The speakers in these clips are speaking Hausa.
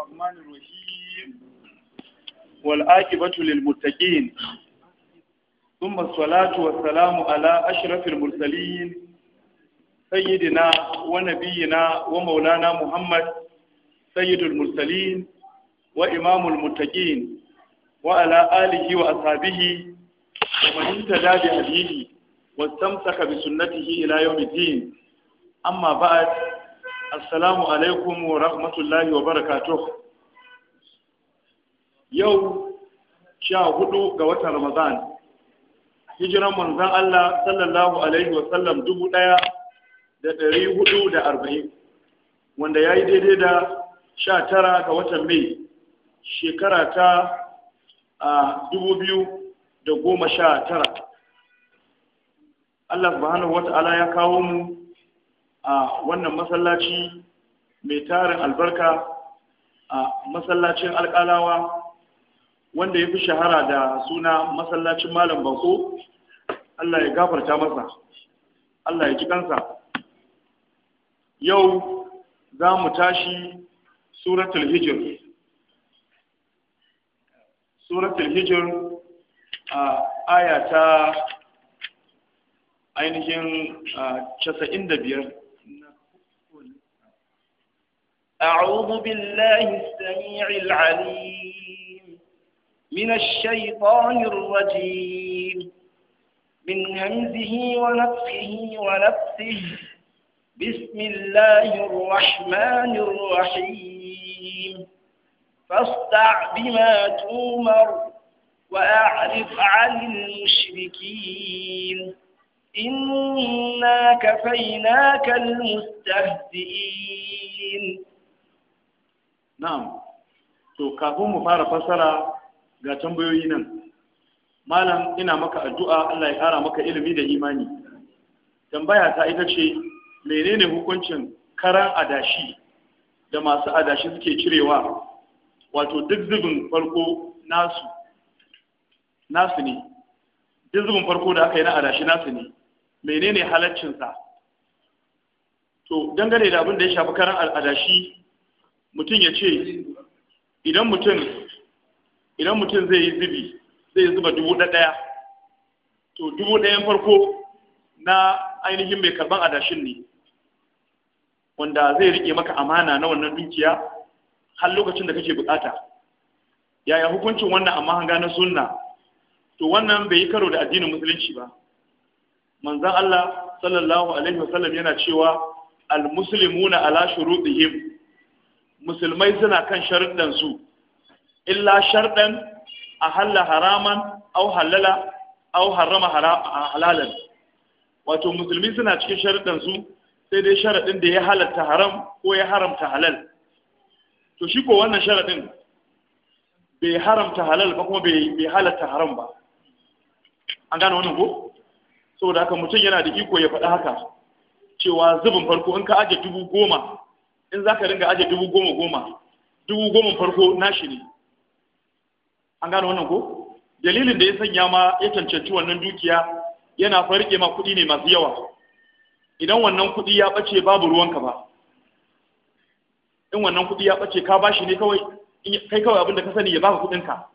الرحمن الرحيم والآكبة للمتقين ثم الصلاة والسلام على أشرف المرسلين سيدنا ونبينا ومولانا محمد سيد المرسلين وإمام المتقين وعلى آله وأصحابه ومن اهتدى بهديه واستمسك بسنته إلى يوم الدين أما بعد assalamu alaikum wa rahmatullahi wa barakatuh yau sha hudu ga watan ramadan hijiran manzan Allah sallallahu alaihi wa sallam dubu daya da dari hudu da arba'in wanda ya yi daidai da sha tara ga watan mai shekara ta a dubu biyu da goma sha tara Allah subhanahu wa ta'ala ya kawo mu a wannan masallaci mai tarin albarka a masallacin alƙalawa wanda ya fi shahara da suna masallacin malam bako Allah ya gafarta masa Allah ya ji kansa yau za mu tashi suratul hijir suratul hijir a aya ta ainihin أعوذ بالله السميع العليم من الشيطان الرجيم من همزه ونفخه ونفسه بسم الله الرحمن الرحيم فاصدع بما تومر وأعرف عن المشركين إنا كفيناك المستهزئين na'am to kafin mu fara fassara ga tambayoyi nan malam ina maka addu'a Allah ya kara maka ilimi da imani tambaya ta ita ce menene hukuncin karan adashi da masu adashi suke cirewa wato duk zubin farko nasu nasu ne duk zubin farko da aka yi na adashi nasu ne menene halaccinsa to dangane da abin da ya shafi karan adashi mutum ya ce idan mutum zai yi zubi zai zuba dubu ɗaya to dubu ɗayan farko na ainihin mai karban adashin ne wanda zai rike maka amana na wannan dukiya har lokacin da kake bukata yaya hukuncin wannan amma hanga na sunna to wannan bai yi karo da addinin musulunci ba manzan Allah sallallahu alaihi wasallam yana cewa al-muslimuna ala shurutihim musulmai suna kan sharuɗan su illa sharɗan a halla haraman au halala au harama halalan wato musulmi suna cikin sharuɗan su sai dai sharaɗin da ya halatta haram ko ya haramta halal to shi ko wannan sharaɗin bai haramta halal ba kuma bai halatta haram ba an gane wannan ko saboda haka mutum yana da iko ya faɗi haka cewa zubin farko in ka aje dubu goma in za ka ringa aje dubu goma goma dubu goma farko nashi ne an gane wannan ko dalilin da ya sanya ma ya cancanci wannan dukiya yana farke ma kuɗi ne masu yawa idan wannan kuɗi ya ɓace babu ruwanka ba in wannan kuɗi ya ɓace ka bashi ne kawai kai kawai abinda ka sani ya baka kuɗinka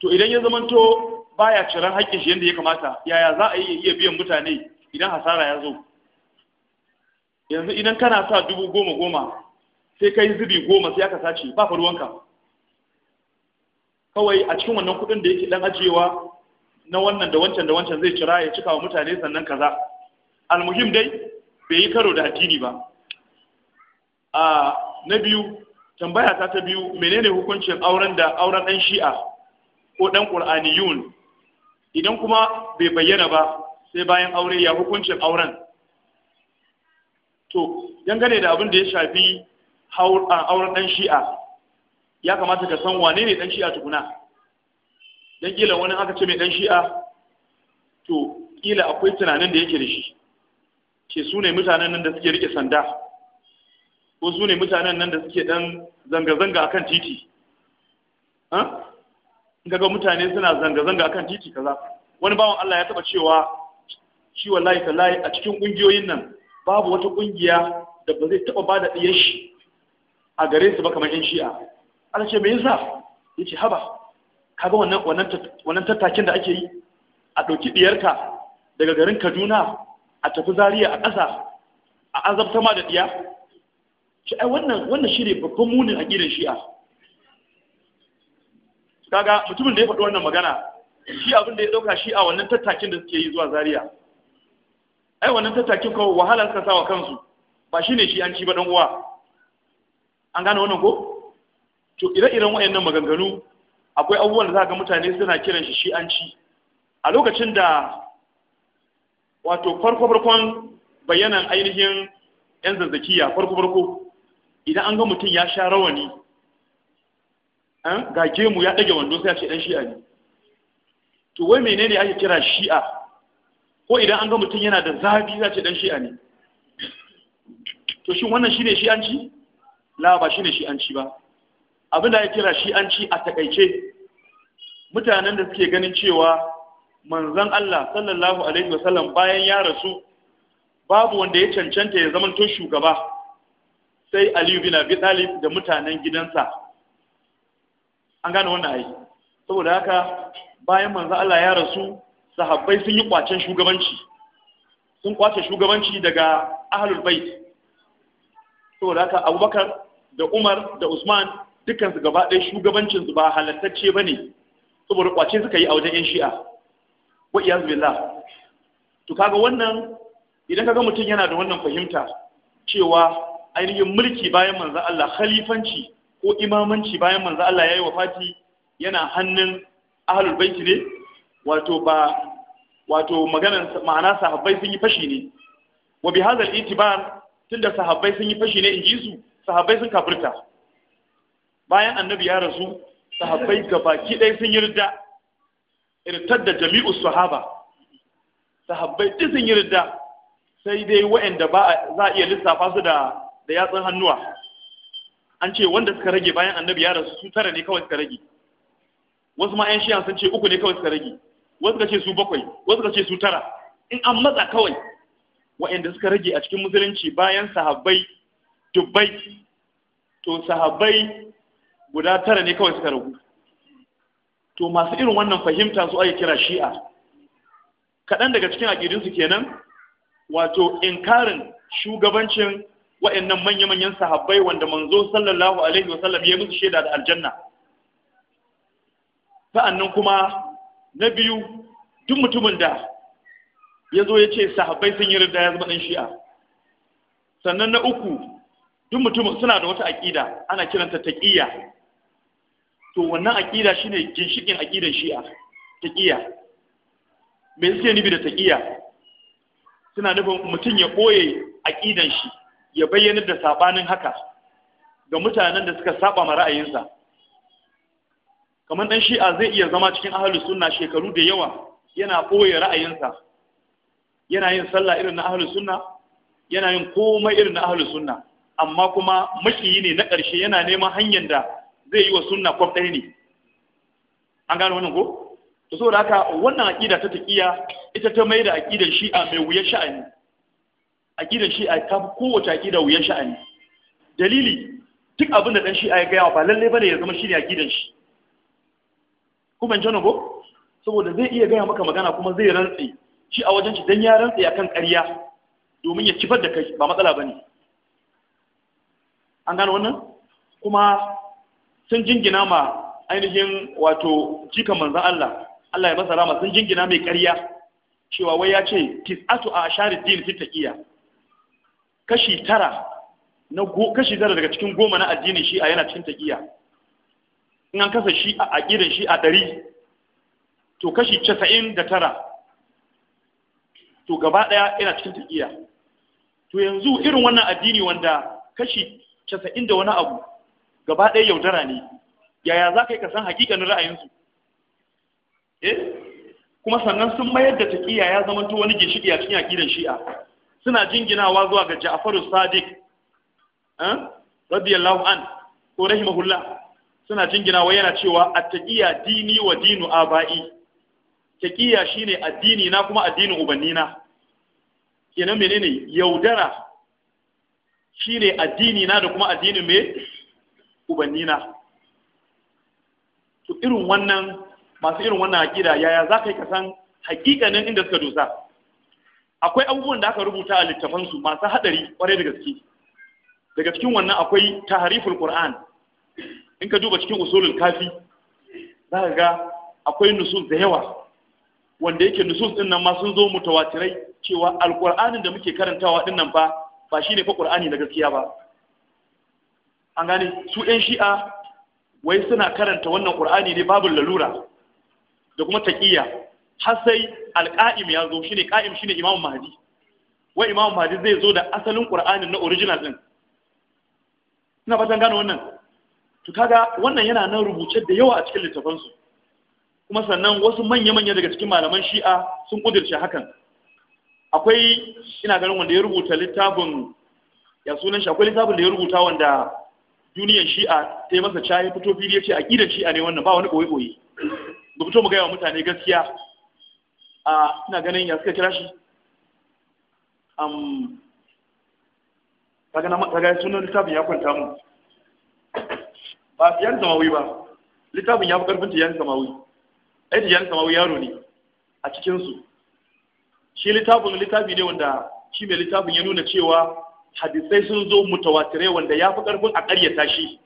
to idan ya zamanto baya ciran haƙƙin shi yadda ya kamata yaya za a iya biyan mutane idan hasara ya zo yanzu idan kana sa dubu goma goma sai ka yi zubi goma sai aka sace ba ruwanka kawai a cikin wannan kuɗin da yake dan ajiyewa na wannan da wancan da wancan zai cira ya cika wa mutane sannan kaza almuhim dai bai yi karo da addini ba a na biyu tambaya ta ta biyu menene hukuncin auren da auren ɗan shi'a ko ɗan ƙur'aniyun idan kuma bai bayyana ba sai bayan aure ya hukuncin auren to dangane da abin da ya shafi auren dan shi'a ya kamata ka san wane ne dan shi'a tukuna dan kila wani aka ce mai dan shi'a to kila akwai tunanin da yake da shi ce su ne mutanen nan da suke rike sanda ko su ne mutanen nan da suke dan zanga-zanga akan titi in kaga mutane suna zanga-zanga akan titi kaza wani bawan Allah ya taba cewa shi wallahi layi a cikin kungiyoyin nan babu wata kungiya da ba zai taba bada diyar shi a gare su ba kamar yan shi'a ana ce me yasa yace haba kaga wannan wannan wannan tattakin da ake yi a dauki diyarka daga garin Kaduna a tafi Zaria a ƙasa a azabta ma da diya shi ai wannan wannan shi babban munin gidan shi'a kaga mutumin da ya faɗi wannan magana shi abin da ya dauka shi a wannan tattakin da suke yi zuwa Zaria ai wannan tattakin kawai wahala suka sawa kansu ba shine shi an ci ba dan uwa an gane wannan ko to ire-iren wayannan maganganu akwai abubuwan da zaka mutane suna kiran shi shi an ci a lokacin da wato farko farkon bayanan ainihin yan zazzakiya farko farko idan an ga mutum ya sha rawani an eh, gage mu ya dage wando sai ya ce dan shi'a ne to wai menene ake kira shi'a ko idan an ga mutum yana da zafi za ce dan shi'a ne to shi wannan shine shi'anci la ba shine shi'anci ba abin da ya kira shi'anci a takaice mutanen da suke ganin cewa manzan Allah sallallahu alaihi wasallam bayan ya rasu babu wanda ya cancanta ya zamanto shugaba sai Aliyu bin Abi Talib da mutanen gidansa an gane wannan ayi. saboda haka bayan manzan Allah ya rasu sahabbai sun yi kwacen shugabanci sun kwace shugabanci daga ahlul bait saboda haka abubakar da umar da usman dukansu gaba ɗaya su ba halattacce ba ne saboda kwace suka yi a wajen 'yan shi'a wa iyaz billah to kaga wannan idan kaga mutum yana da wannan fahimta cewa ainihin mulki bayan manzo Allah khalifanci ko imamanci bayan manzo Allah yayi wafati yana hannun ahlul baiti ne wato ba wato maganar ma'ana sahabbai sun yi fashi ne wa bi hadal itibar tunda sahabbai sun yi fashi ne in ji su sahabbai sun kafirta bayan annabi ya rasu sahabbai gabaki ɗaya sun yi ridda da jami'u sahaba sahabbai duk sun yi ridda sai dai waɗanda ba za a iya lissafa su da da yatsun hannuwa an ce wanda suka rage bayan annabi ya rasu su tara ne kawai suka rage wasu ma 'yan shiyan sun ce uku ne kawai suka rage wasu ce su bakwai wasu ce su tara in an matsa kawai wa'anda suka rage a cikin musulunci bayan sahabbai dubbai to sahabbai guda tara ne kawai suka ragu to masu irin wannan fahimta su ake kira shi'a kaɗan daga cikin aƙidinsu kenan wato inkarin shugabancin wa'annan manya-manyan sahabbai wanda manzo sallallahu alaihi wasallam ya musu shaida da aljanna sa'annan kuma na biyu duk mutumin da ya zo ya ce sahabbai sun yi rida ya zama ɗan shi'a sannan na uku duk mutumin suna da wata aƙida ana kiranta taƙiya. to wannan aƙida shine ginshikin aƙidan shi'a taƙiya. me suke nufi da taƙiya? suna nufin mutum ya ɓoye aƙidan shi ya bayyana da saɓanin haka ga mutanen da suka saɓa ma ra'ayinsa kamar dan shi'a zai iya zama cikin ahalus sunna shekaru da yawa yana boye ra'ayinsa yana yin sallah irin na ahalus sunna yana yin komai irin na ahalus sunna amma kuma makiyi ne na ƙarshe yana neman hanyar da zai yi wa sunna kwaf ɗaya ne an gano wannan ko to da haka wannan aqida ta taqiya ita ta mai da aqidar shi'a mai wuyan sha'ani aqidar shi'a ta kowace aqida wuyan sha'ani dalili duk abin da dan shi'a ya gaya ba lalle bane ya zama shi ne aqidar shi ku ban ko saboda zai iya gaya maka magana kuma zai rantse, shi a wajen shi dan ya rantsi akan ƙarya domin ya cifar da kai ba matsala bane an gano wannan kuma sun jingina ma ainihin wato jikan manzon Allah Allah ya masa rama sun jingina mai ƙarya cewa wai ya ce tis'atu a asharid din fi taqiya kashi tara na kashi tara daga cikin goma na addini shi a yana cikin taqiya in an kasa shi a aƙidan shi a ɗari to kashi casa'in da tara to gaba ɗaya yana cikin taƙiya to yanzu irin wannan addini wanda kashi casa'in da wani abu gaba ɗaya yaudara ne yaya za ka yi kasan hakikanin ra'ayinsu eh kuma sannan sun mayar da taƙiya ya zama to wani ginshiki a cikin aƙidan shi'a suna jinginawa zuwa ga ja'faru sadiq eh, radiyallahu an ko rahimahullah suna jingina wai yana cewa attaqiya dini wa dinu abai taqiya shine addini na kuma addinin ubannina kenan menene yaudara shine addini na da kuma addinin me ubannina to irin wannan masu irin wannan aqida yaya za ka yi kasan san hakikanin inda suka dosa akwai abubuwan da aka rubuta a littafansu masu hadari kwarai da gaske daga cikin wannan akwai tahariful qur'an in ka duba cikin usulul kafi za ka ga akwai nusus da yawa wanda yake nusus din nan ma sun zo mutawatirai cewa alqur'anin da muke karantawa din nan fa ba shine fa qur'ani na gaskiya ba an gane su ɗan shi'a wai suna karanta wannan qur'ani ne babu lalura da kuma taqiyya har sai alqa'im ya zo shine qa'im shine imamu mahdi wai imamu mahdi zai zo da asalin qur'anin na original din ina fatan gane wannan to kaga wannan yana nan rubuce da yawa a cikin littafansu kuma sannan wasu manya-manya daga cikin malaman shi'a sun kudirce hakan akwai ina ganin wanda ya rubuta littafin ya sunan shi akwai littafin da ya rubuta wanda duniyan shi'a ta yi masa cayi fito fili ya ce ƙidan shi'a ne wannan ba wani ɓoye-ɓoye ba fito mu gaya wa mutane gaskiya a ina ganin ya suka kira shi gana sunan littafin ya kwanta mu ba yan samawi ba littafin ya fi karfin tiyan samawi ai tiyan samawi yaro ne a cikinsu shi littafin littafi ne wanda shi mai littafin ya nuna cewa hadisai sun zo mutawatirai wanda ya fi karfin a ƙaryata shi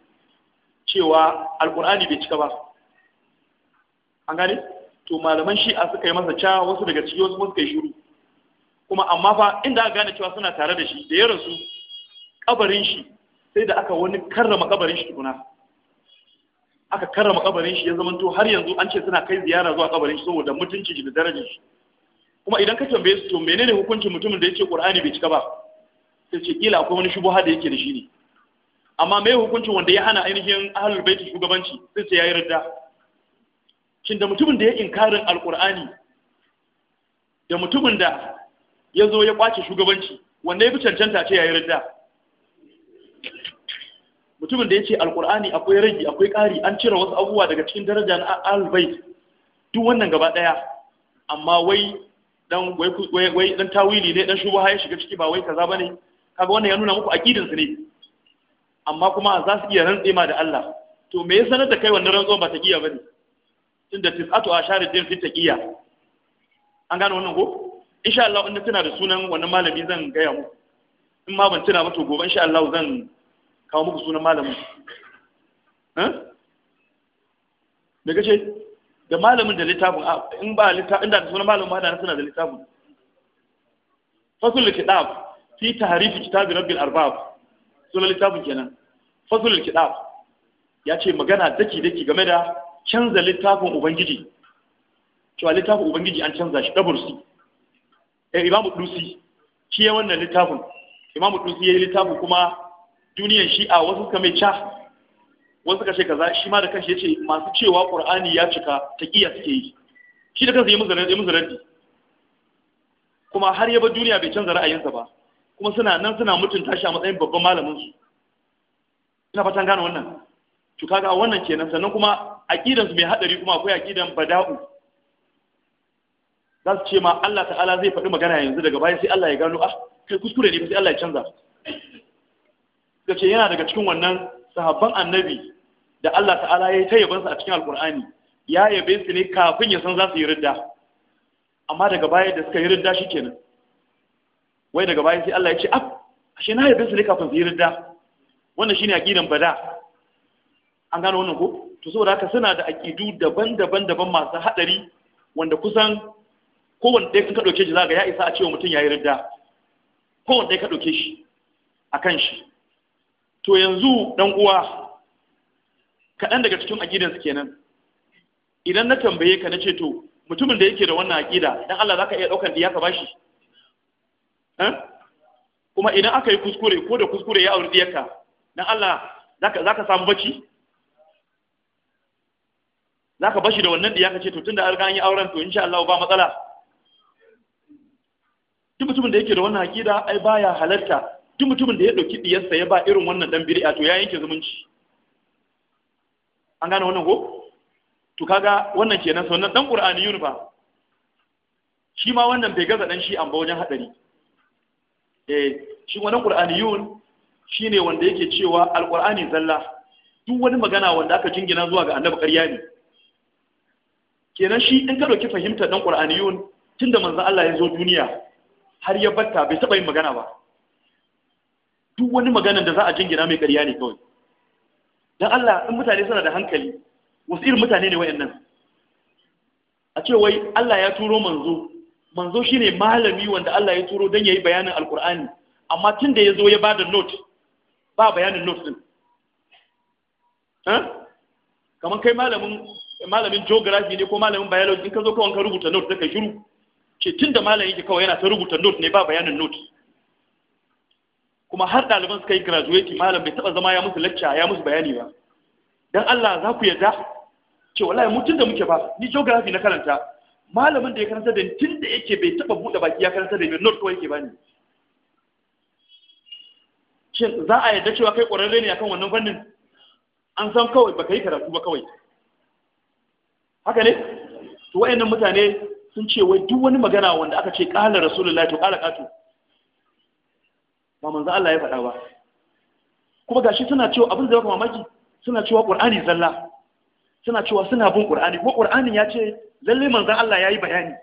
cewa alkur'ani bai cika ba an gane to malaman a suka yi masa ca wasu daga ciki wasu suka yi shiru kuma amma fa inda aka gane cewa suna tare da shi da ya rasu kabarin shi sai da aka wani karrama kabarin shi tukuna aka karrama kabarin shi ya to har yanzu an ce suna kai ziyara zuwa kabarin shi saboda mutunci shi da darajar shi kuma idan ka tambaye su to menene hukuncin mutumin da yake Qur'ani bai cika ba sai ce kila akwai wani shubuha da yake da shi ne amma me hukuncin wanda ya hana ainihin ahlul baiti shugabanci sai ce yayi radda. shin da mutumin da ya inkarin alqur'ani da mutumin da ya zo ya kwace shugabanci wanda ya fi cancanta ce yayi radda mutumin da ya ce alkur'ani akwai ragi akwai ƙari an cire wasu abubuwa daga cikin daraja na albai duk wannan gaba ɗaya amma wai dan wai wai dan tawili ne dan shubha ya shiga ciki ba wai kaza bane kaga wannan ya nuna muku aqidin su ne amma kuma za su iya rantse ma da Allah to me ya sanar da kai wannan rantsuwa ba ta giya bane tunda tis'atu asharid din fi taqiya an gane wannan ko insha Allah in tana da sunan wannan malami zan gaya mu in ma ban tuna ba to gobe insha Allah zan kawo muku sunan malamin da kace da malamin da littafin ah, in ba littafin inda sunan malamin ma da suna da littafin fasul kitab fi tahrifi kitab rabbil arbab sunan littafin kenan fasul kitab ya ce magana daki daki game da canza littafin ubangiji cewa littafin ubangiji an canza shi dabursi eh imamu dusi shi ya wannan littafin imamu dusi ya yi littafin kuma duniyan shi'a wasu suka mai ca wasu suka ce kaza shi ma da kanshi yace masu cewa qur'ani ya cika taqiya suke yi shi da kansa ya musu ya raddi kuma har yaba duniya bai canza ra'ayinsa ba kuma suna nan suna mutunta shi a matsayin babban malamin su ina fatan gane wannan to kaga a wannan kenan sannan kuma aqidan su mai hadari kuma akwai aqidan bada'u za su ce ma Allah ta'ala zai faɗi magana yanzu daga baya sai Allah ya gano ah kai kuskure ne sai Allah ya canza suka ce yana daga cikin wannan sahabban annabi da Allah ta'ala ya yi ta yabansa a cikin alkur'ani ya yabe su ne kafin ya san za su yi ridda amma daga baya da suka yi ridda shi kenan wai daga baya sai Allah ya ce af ashe na yabe su ne kafin su yi ridda wannan shine aqidan bada an gano wannan ko to saboda haka suna da aqidu daban-daban daban masu hadari wanda kusan kowanne ɗaya ka ɗauke shi za ga ya isa a cewa mutum ya yi ridda kowanne ɗaya ka ɗauke shi a kan shi to yanzu dan uwa kaɗan daga cikin aƙidansu kenan idan na tambaye ka na ce to mutumin da yake da wannan aƙida dan Allah za ka iya ɗaukar diya ka bashi eh? kuma idan aka yi kuskure ko da kuskure ya auri diyarka dan Allah za ka samu bacci za ka bashi da wannan diya ka ce to tun da ga an yi auren to insha Allah ba matsala duk mutumin da yake da wannan aƙida ai baya halarta duk mutumin da ya ɗauki ɗiyarsa ya ba irin wannan ɗan biri'a to ya yanke zumunci an gane wannan ko to kaga wannan kenan sannan ɗan ƙur'aniyun ba shi ma wannan bai gaza ɗan shi an ba wajen haɗari eh shi wannan ƙur'aniyun shi ne wanda yake cewa alƙur'ani zalla duk wani magana wanda aka jingina zuwa ga annabi ƙarya ne kenan shi in ka ɗauki fahimtar ɗan ƙur'aniyun tunda manzan Allah ya zo duniya har ya batta bai taɓa yin magana ba duk wani maganar da za a jingina mai ƙarya ne kawai dan Allah in mutane suna da hankali wasu irin mutane ne wayannan a ce wai Allah ya turo manzo manzo shine malami wanda Allah ya turo ya yayi bayanin alkur'ani amma tun da ya zo ya ba da note ba bayanin note din ha kaman kai malamin malamin geography ne ko malamin biology in ka zo kawai ka rubuta note da ka shiru ce tun da malam yake kawai yana ta rubuta note ne ba bayanin note kuma har ɗaliban suka yi graduate malam bai taɓa zama ya musu lacca ya musu bayani ba dan Allah za ku yarda ce wallahi mu da muke ba ni geography na karanta malamin da ya karanta da tun da yake bai taɓa buɗe baki ya karanta da ni note kawai yake bani shin za a yarda cewa kai ƙwararre ne akan wannan fannin an san kawai baka yi karatu ba kawai haka ne to wayannan mutane sun ce wai duk wani magana wanda aka ce ƙala rasulullahi to ƙala ƙato ba manzo Allah ya faɗa ba kuma gashi suna cewa abin da ya mamaki suna cewa Qur'ani zalla suna cewa suna bin Qur'ani ko Qur'ani ya ce lalle manzo Allah yayi bayani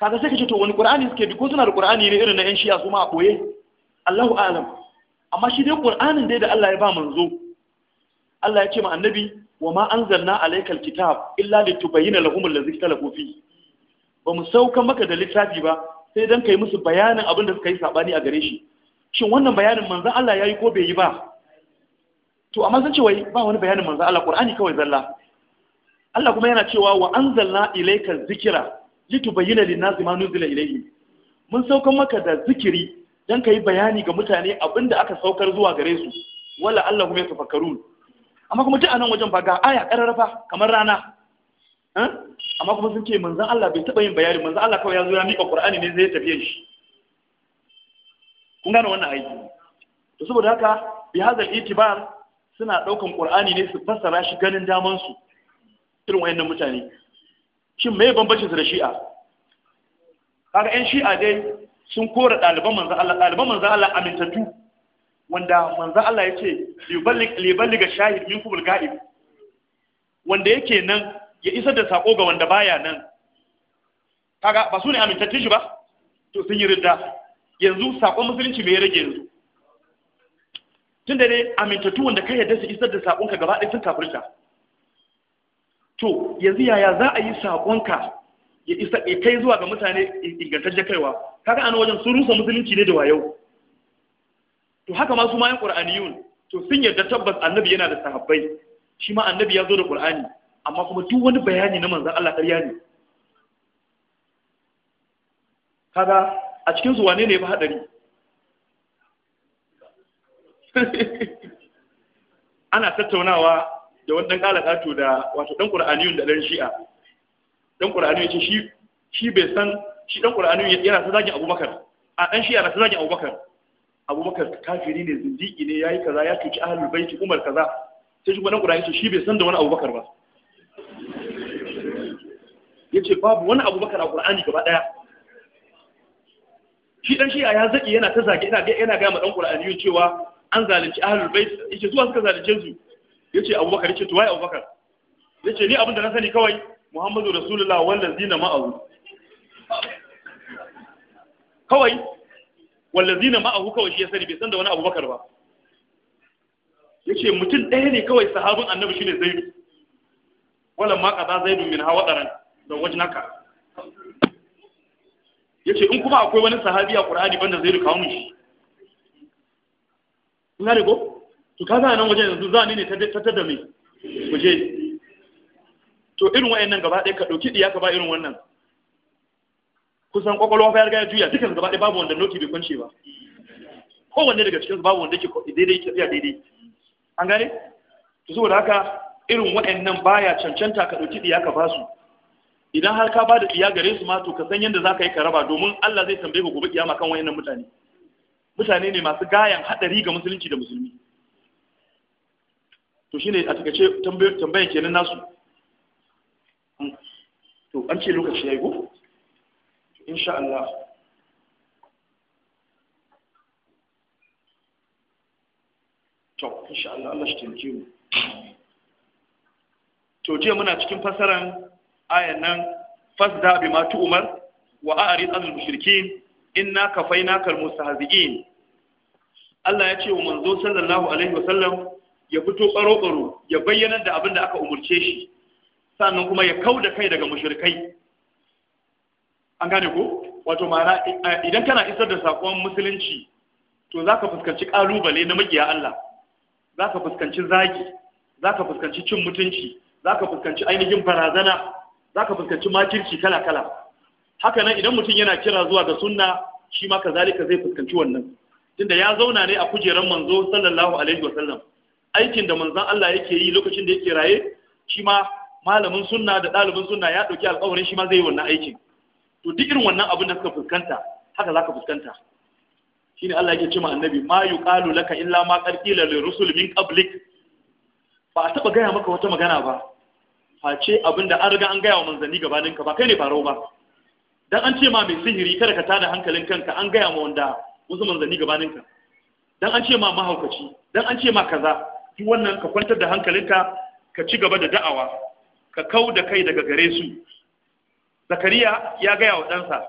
kaga sai kace to wani Qur'ani suke bi ko suna da Qur'ani ne irin na yan shi'a su ma a koye Allahu a'lam amma shi dai Qur'anin dai da Allah ya ba manzo Allah ya ce ma annabi wa ma anzalna alaykal kitab illa litubayyana lahum allazi ikhtalafu fihi ba mu sauka maka da littafi ba sai dan yi musu bayanin abin da suka yi saɓani a gare shi shin wannan bayanin manzan Allah ya yi ko bai yi ba to amma sun ce ba wani bayanin manzan Allah ƙwar'ani kawai zalla Allah kuma yana cewa wa an ilaika zikira zikra bayyana lin-nasi ma nuzila ilayhim mun saukar maka da zikiri dan yi bayani ga mutane abinda aka saukar zuwa gare su wala Allah kuma ya tafakkaru. amma kuma duk nan wajen ba ga aya kararrafa kamar rana amma kuma sun ce manzan Allah bai taɓa yin bayani manzan Allah kawai ya zo ya miƙa Qur'ani ne zai tafiye shi kun gane wannan aiki to saboda haka bi hadal itibar suna ɗaukan Qur'ani ne su fassara shi ganin damansu su irin wayannan mutane shin me bambancin su da shi'a kaga ƴan shi'a dai sun kora ɗaliban manzan Allah ɗaliban manzan Allah amintattu wanda manzan Allah ya ce liballiga shahid min kubul ga'ib wanda yake nan ya isar da sako ga wanda baya nan kaga ba su ne amintattun shi ba to sun yi ridda yanzu sakon musulunci me ya rage yanzu tun da ne amintattu wanda kai yadda su isar da sakonka gaba ɗaya sun kafirta to yanzu yaya za a yi sakonka ya isa ya kai zuwa ga mutane ingantaccen kaiwa kaga ana wajen sun rusa musulunci ne da wayau to haka ma su ma yan qur'aniyun to sun yarda tabbas annabi yana da sahabbai shi ma annabi ya zo da qur'ani amma kuma duk wani bayani na manzan Allah ƙarya ne kaga a cikin zuwa wane ne ba hadari ana tattaunawa da wani dan ƙato da wato ɗan ƙura'aniyun da ɗan shi'a Ɗan ƙura'aniyun ce shi bai san shi dan qur'aniyun yana ta zagin Abubakar a ɗan shi'a na ta zagin Abubakar Abubakar kafiri ne zindiki ne ya yi kaza ya cuci ahlul bait Umar kaza sai shi dan qur'aniyun ce shi bai san da wani Abubakar ba Ya ce babu wani abu baka a ƙur'ani gaba ɗaya. shi ɗan shi ya zaƙi yana ta zage yana gaya ga ma dan Qur'ani cewa an zalunci ahlul bait ce zuwa suka zalunce su Ya ce Abubakar ya abu bakar Abubakar ce ni abin da na sani kawai Muhammadu Rasulullah zina ma'ahu kawai zina ma'ahu kawai shi ya sani bai san da wani Abubakar ba Ya ce mutum ɗaya ne kawai sahabin annabi shine zaidu. wala ma qada Zaid min hawa ɗaran da Ya ce in kuma akwai wani sahabi a Qur'ani banda zai kawo mun shi ina da go to kaga nan wajen yanzu zani ne ta ta da mai waje to irin wa'in nan gaba ɗaya ka dauki diya ka ba irin wannan kusan kwakwalwa fa ya juya dukkan gaba ɗaya babu wanda noki bai kwance ba kowanne daga cikin babu wanda yake daidai yake tsaya daidai an gane to saboda haka irin wa'in nan baya cancanta ka dauki diya ka ba su idan har ka bada iya gare su ma to ka san yadda za ka yi ka raba domin Allah zai tambaye ka gobe kiyama kan wayannan mutane mutane ne masu gayan hadari ga musulunci da musulmi to shine a takaice tambayan kenan nasu hmm. to an ce lokaci ya go insha Allah to insha Allah Allah shi taimake mu to je muna cikin fasaran ayan nan fasda bi ma tu'mar wa a'rid anil mushrikin inna kafainaka mustahzi'in Allah ya ce wa manzo sallallahu alaihi wa sallam ya fito baro baro ya bayyana da abin aka umurce shi sannan kuma ya kauda kai daga mushrikai an gane ko wato ma'ana idan kana isar da sakon musulunci to zaka fuskanci kalubale na magiya Allah zaka fuskanci zagi zaka fuskanci cin mutunci zaka fuskanci ainihin barazana za ka fuskanci makirci kala-kala haka nan idan mutum yana kira zuwa ga sunna shi ma zalika zai fuskanci wannan tunda ya zauna ne a kujerar manzo sallallahu alaihi wa sallam aikin da manzon Allah yake yi lokacin da yake raye shi ma malamin sunna da ɗalibin sunna ya ɗauki alƙawarin shi ma zai yi wannan aikin to duk irin wannan abin da suka fuskanta haka zaka fuskanta shine Allah yake cewa annabi ma yuqalu laka illa ma qad qila lirusul min qablik ba a taba gaya maka wata magana ba face da an riga an gaya wa manzanni gabanin ka ba kai ne farau ba dan an ce ma mai sihiri kada ka tada hankalin kanka an gaya ma wanda wasu manzanni gabanin ka dan an ce ma mahaukaci dan an ce ma kaza duk wannan ka kwantar da hankalinka ka ci gaba da da'awa ka kau da kai daga gare su zakariya ya gaya wa ɗansa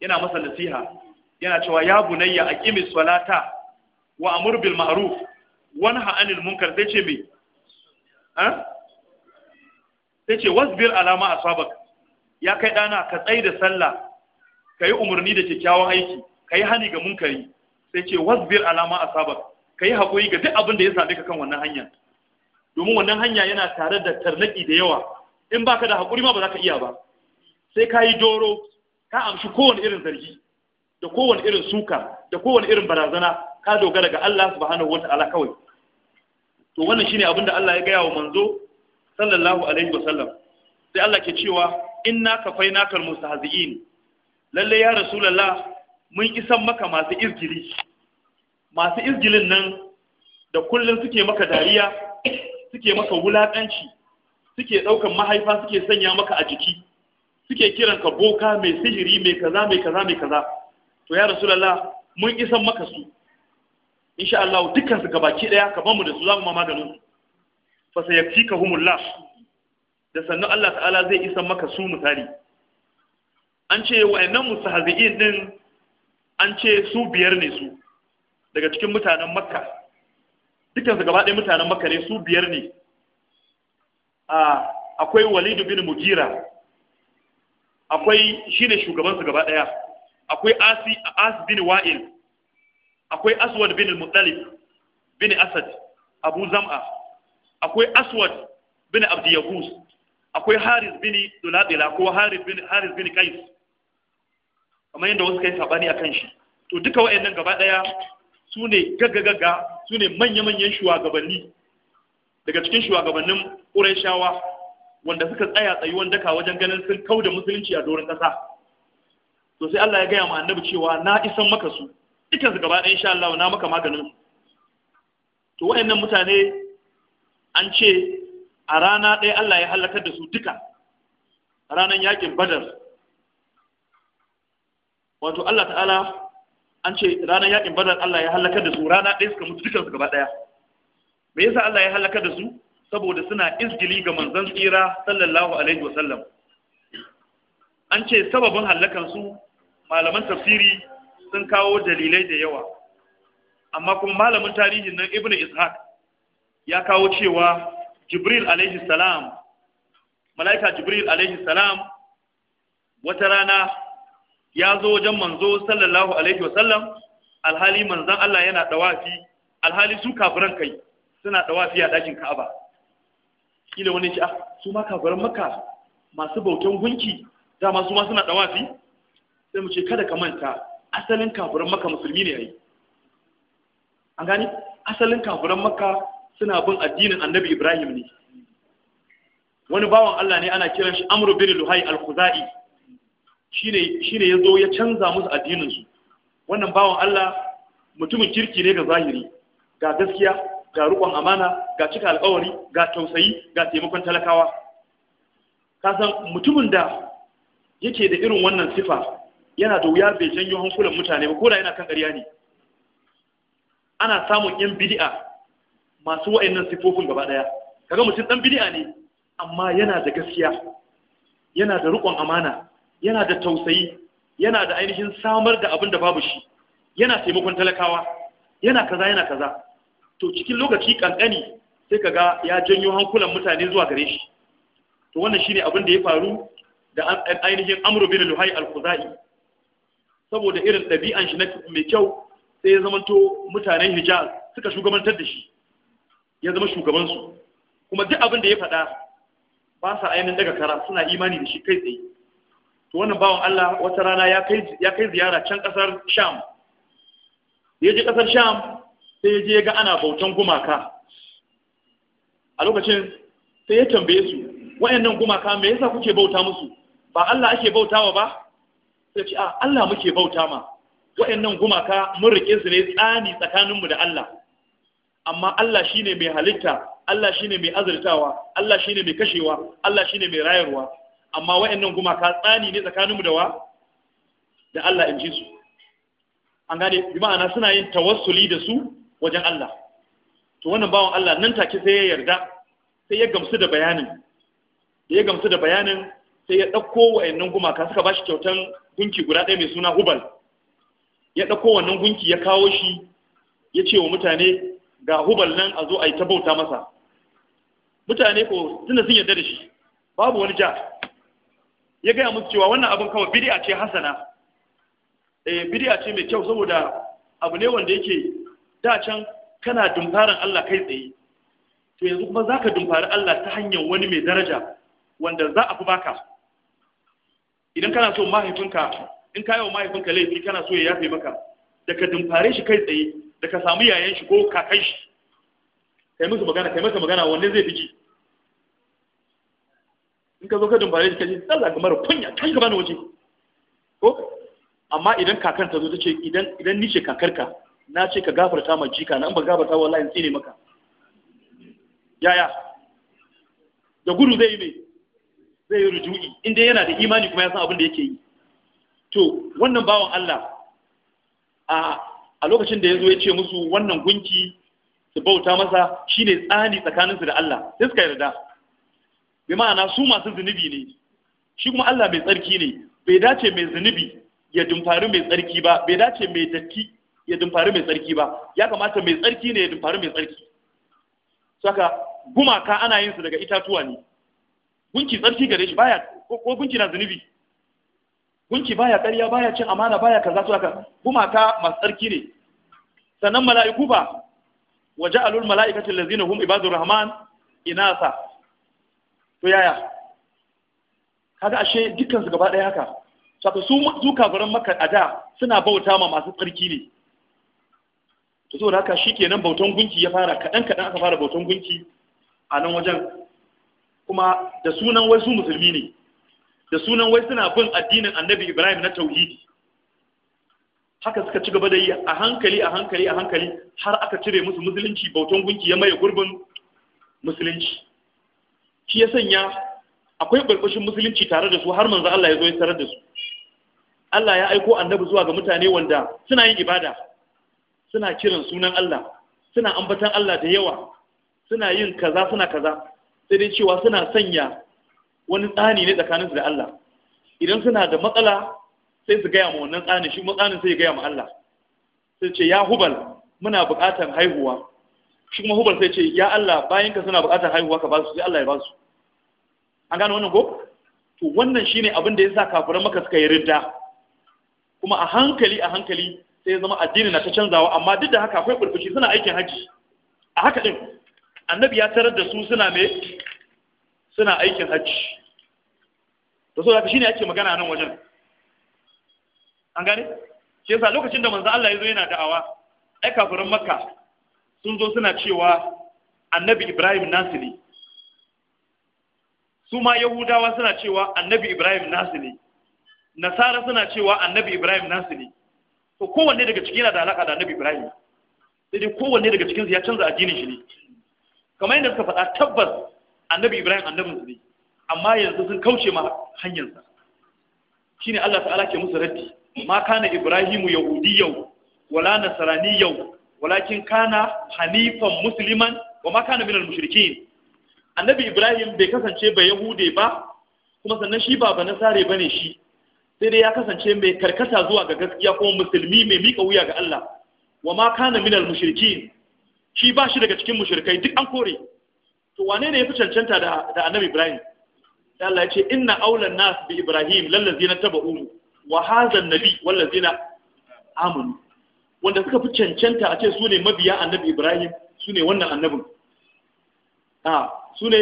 yana masa nasiha yana cewa ya bunayya aqimi salata wa amur bil ma'ruf wanha anil munkar sai ce me sai ce wasbir alama asabak ya kai dana ka tsaye da sallah kai umarni da kyakkyawan aiki kai hani ga munkari sai ce wasbir alama asabak kai hakuri ga duk abin da ya same ka kan wannan hanya domin wannan hanya yana tare da tarnaki da yawa in baka da hakuri ma ba za ka iya ba sai ka yi doro ka amshi kowane irin zargi da kowane irin suka da kowane irin barazana ka dogara ga Allah subhanahu wata'ala kawai to wannan shine abin da Allah ya gaya wa manzo sallallahu alaihi wasallam sai Allah ke cewa inna kafainaka almustahzi'in lalle ya rasulullah mun isan maka masu izgili masu izgilin nan da kullun suke maka dariya suke maka wulakanci suke daukan mahaifa suke sanya maka a jiki suke kiranka boka mai sihiri mai kaza mai kaza mai kaza to ya rasulullah mun isan maka su insha Allah dukkan su gabaki daya ka mu da su za ma maganin su fa sayakfikahumullah da sannan Allah ta'ala zai isa maka su misali an ce wa'annan mustahzi'in din an ce su biyar ne su daga cikin mutanen Makka dukkan su gaba ɗaya mutanen Makka ne su biyar ne a akwai Walid bin Mujira. akwai shine shugaban su gaba ɗaya akwai Asi As bin Wa'il akwai Aswad bin Muttalib bin Asad Abu Zam'a akwai aswad bin abdi yahus akwai haris bin duladila ko haris bin haris bin qais kamar yadda wasu kai sabani akan shi to duka wayannan gaba daya su ne gaggagagga su ne manya-manyan shugabanni daga cikin shugabannin ƙurayshawa wanda suka tsaya tsayuwan daka wajen ganin sun kau da musulunci a doron ƙasa to sai Allah ya gaya ma annabi cewa na isan maka su su gaba ɗaya insha Allah na maka maganin to wayannan mutane an ce a rana ɗaya Allah ya halakar da su duka ranar yakin badar wato Allah ta'ala an ce ranar yakin badar Allah ya halakar da su rana ɗaya suka mutu dukansu gaba ɗaya me yasa Allah ya halakar da su saboda suna izgili ga manzon tsira sallallahu alaihi wasallam an ce sababin hallakan su malaman tafsiri sun kawo dalilai da yawa amma kuma malamin tarihin nan ibnu ishaq ya kawo cewa jibril alaihi salam mala'ika jibril alaihi salam wata rana ya zo wajen manzo sallallahu alaihi wasallam alhali manzan Allah yana dawafi alhali su kafiran kai suna dawafi a dakin Ka'aba kila wani ce ah su ma kafiran Makka masu bautan gunki dama su ma suna dawafi sai mu ce kada ka manta asalin kafiran Makka musulmi ne yayi an gani asalin kafiran Makka suna bin addinin annabi ibrahim ne wani bawan Allah ne ana kiran shi amru bin luhai al-khuzai shine shine yazo ya canza musu addinin su wannan bawan Allah mutumin kirki ne ga zahiri ga gaskiya ga rukun amana ga cika alƙawari ga tausayi ga taimakon talakawa kasan mutumin da yake da irin wannan sifa yana da wuya bai janyo hankulan mutane ba koda yana kan ƙarya ne ana samun yan bid'a masu wa'annan sifofin gaba daya ga mutum ɗan bid'a ne amma yana da gaskiya yana da riƙon amana yana da tausayi yana da ainihin samar da abin da babu shi yana taimakon talakawa yana kaza yana kaza to cikin lokaci kankani sai ka ga ya janyo hankulan mutane zuwa gare shi to wannan shine abin da ya faru da ainihin amru bin luhai al-khuzai saboda irin ɗabi'an shi mai kyau sai ya zamanto mutanen hijaz suka shugabantar da shi ya zama shugabansu kuma duk abin da ya faɗa ba sa ainihin daga kara suna imani da shi kai tsaye to wannan bawan Allah wata rana ya kai ziyara can kasar Sham ya je kasar Sham sai ya je ya ga ana bautan gumaka a lokacin sai ya tambaye su wayannan gumaka me yasa kuke bauta musu ba Allah ake bautawa ba sai ce a ah, Allah muke bauta ma wayannan gumaka mun rike su ne tsani tsakaninmu da Allah amma Allah shi ne mai halitta Allah shi ne mai azurtawa Allah shi ne mai kashewa Allah shi ne mai rayarwa amma kuma ka tsani ne tsakaninmu da wa da Allah in ji su an gane bi ma'ana suna yin tawassuli da su wajen Allah to wannan bawan Allah nan take sai ya yarda sai ya gamsu da bayanin da ya gamsu da bayanin sai ya ɗauko kuma gumaka suka ba bashi kyautan gunki guda ɗaya mai suna Hubal ya ɗauko wannan gunki ya kawo shi ya ce wa mutane ga hubal nan a zo a yi ta bauta masa mutane ko tunda sun yarda da shi babu wani ja ya gaya musu cewa wannan abin kawai bidiya ce hasana eh bidiya ce mai kyau saboda abu ne wanda yake da can kana dumfarin Allah kai tsaye to yanzu kuma zaka dumfari Allah ta hanyar wani mai daraja wanda za a fi baka idan kana so mahaifinka in ka yi wa mahaifinka laifi kana so ya yafe maka da ka dumfare shi kai tsaye da ka samu yayan shi ko kakan shi kai musu magana kai masa magana wanne zai fiji in ka zo ka dumbare shi kace Allah ga mara kunya kan ka bani waje ko amma idan kakan ta zo ta ce idan idan ni ce kakarka na ce ka gafarta ma jika na in ba gafarta wallahi in tsine maka yaya da gudu zai yi mai zai yi rujui inda yana da imani kuma ya san abin da yake yi to wannan bawan Allah a a lokacin da ya zo ya ce musu wannan gunki su bauta masa shine tsani tsakaninsu da Allah sai suka yarda bai ma'ana su masu zunubi ne shi kuma Allah mai tsarki ne bai dace mai zunubi ya dumfari mai tsarki ba bai dace mai datti ya dumfari mai tsarki ba ya kamata mai tsarki ne ya dumfari mai tsarki saka gumaka ana yin su daga itatuwa ne gunki tsarki gare shi baya ko gunki na zunubi gunki baya ƙarya baya cin amana baya kaza su haka gumaka masu tsarki ne sannan mala'iku ba waje alul mala'ikatin lazina hum ibadur rahman inasa to yaya kaga ashe dukkan su gaba ɗaya haka saka su su kafiran makka a da suna bauta ma masu tsarki ne to saboda haka shikenan bautan gunki ya fara kaɗan kaɗan aka fara bautan gunki a nan wajen kuma da sunan wasu musulmi ne da sunan wai suna bin addinin annabi ibrahim na tauhidi haka suka ci gaba da yi a hankali a hankali a hankali har aka cire musu musulunci bautan gunki ya maye gurbin musulunci shi ya sanya akwai ɓarɓashin musulunci tare da su har manzo Allah ya zo ya tarar da su Allah ya aiko annabi zuwa ga mutane wanda suna yin ibada suna kiran sunan Allah suna ambatan Allah da yawa suna yin kaza suna kaza sai dai cewa suna sanya wani tsani ne tsakaninsu da Allah idan suna da matsala sai su gaya ma wannan tsani shi matsanin sai ya gaya ma Allah sai ce ya hubal muna buƙatar haihuwa shi kuma hubal sai ce ya Allah bayan ka suna buƙatar haihuwa ka ba su sai Allah ya ba su an gane wannan ko to wannan shine abin da yasa kafiran maka suka yi ridda kuma a hankali a hankali sai zama addini na ta canzawa amma duk da haka akwai burbushi suna aikin haji a haka din annabi ya tarar da su suna me suna aikin haji to so shine ake magana nan wajen an gane shi yasa lokacin da manzo Allah ya zo yana da'awa ai kafirin makka sun zo suna cewa annabi ibrahim nasili su ma yahudawa suna cewa annabi ibrahim nasili nasara suna cewa annabi ibrahim nasili to kowanne daga cikin yana da alaka da annabi ibrahim sai dai kowanne daga cikin ya canza addinin shi ne kamar yadda suka faɗa tabbas annabi ibrahim annabin su ne amma yanzu sun kauce ma hanyarsa shine Allah ta'ala ke musu raddi ma kana ibrahimu yau wala yau walakin kana hanifan musliman wa ma kana minal mushrikin annabi ibrahim bai kasance ba yahude ba kuma sannan shi ba ba nasare bane shi sai dai ya kasance mai karkata zuwa ga gaskiya kuma musulmi mai mika wuya ga Allah wa ma kana minal mushrikin shi ba shi daga cikin mushrikai duk an kore to wane ne ya fi cancanta da annabi ibrahim Allah ya ce inna aulan nas bi Ibrahim lallazina taba'u wa hadha nabi wallazina amanu wanda suka fi cancanta a ce su ne mabiya annabi Ibrahim su ne wannan annabin a su ne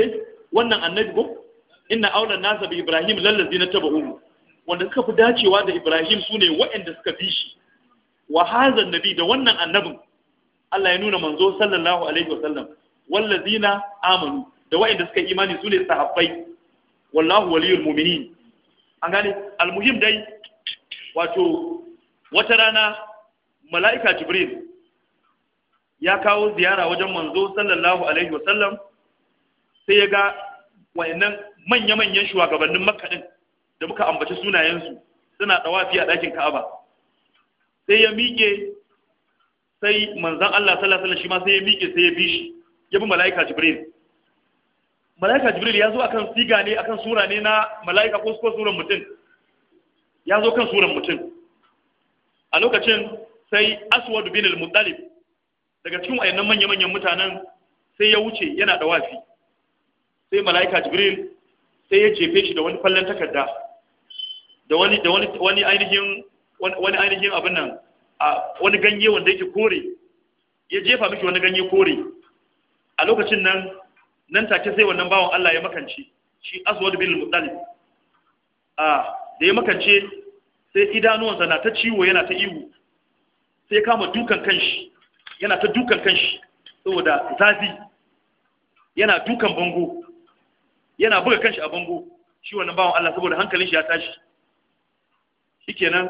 wannan annabi ko inna aulan nas bi Ibrahim lallazina taba'u wanda suka fi dacewa da Ibrahim su ne waɗanda suka bi shi wa hadha nabi da wannan annabin Allah ya nuna manzo sallallahu alaihi wasallam wallazina amanu da waɗanda suka imani su ne sahabbai wallahu waliyul mu'minin an gane almuhim dai wato wata rana mala'ika jibril ya kawo ziyara wajen manzo sallallahu alaihi wasallam sai ya ga wayannan manya-manyan shugabannin makka din da muka ambaci sunayensu suna dawafi a ɗakin ka'aba sai ya miƙe sai manzan Allah sallallahu alaihi wasallam shi ma sai ya miƙe sai ya bi shi ya bi mala'ika jibril malaika jibril ya zo akan siga ne akan sura ne na malaika ko ko suran mutum ya zo kan suran mutum a lokacin sai aswad bin al-muttalib daga cikin wayannan manya-manyan mutanen sai ya wuce yana da wafi sai malaika jibril sai ya jefe shi da wani fallon takarda da wani da wani wani ainihin wani ainihin abin nan a wani ganye wanda yake kore ya jefa miki wani ganye kore a lokacin nan nan take sai wannan bawan Allah ya makance shi aswad bin muttalib a da ya makance sai idanuwansa na ta ciwo yana ta ihu sai kama dukan kanshi yana ta dukan kanshi saboda zafi yana dukan bango yana buga kanshi a bango shi wannan bawan Allah saboda hankalin shi ya tashi shikenan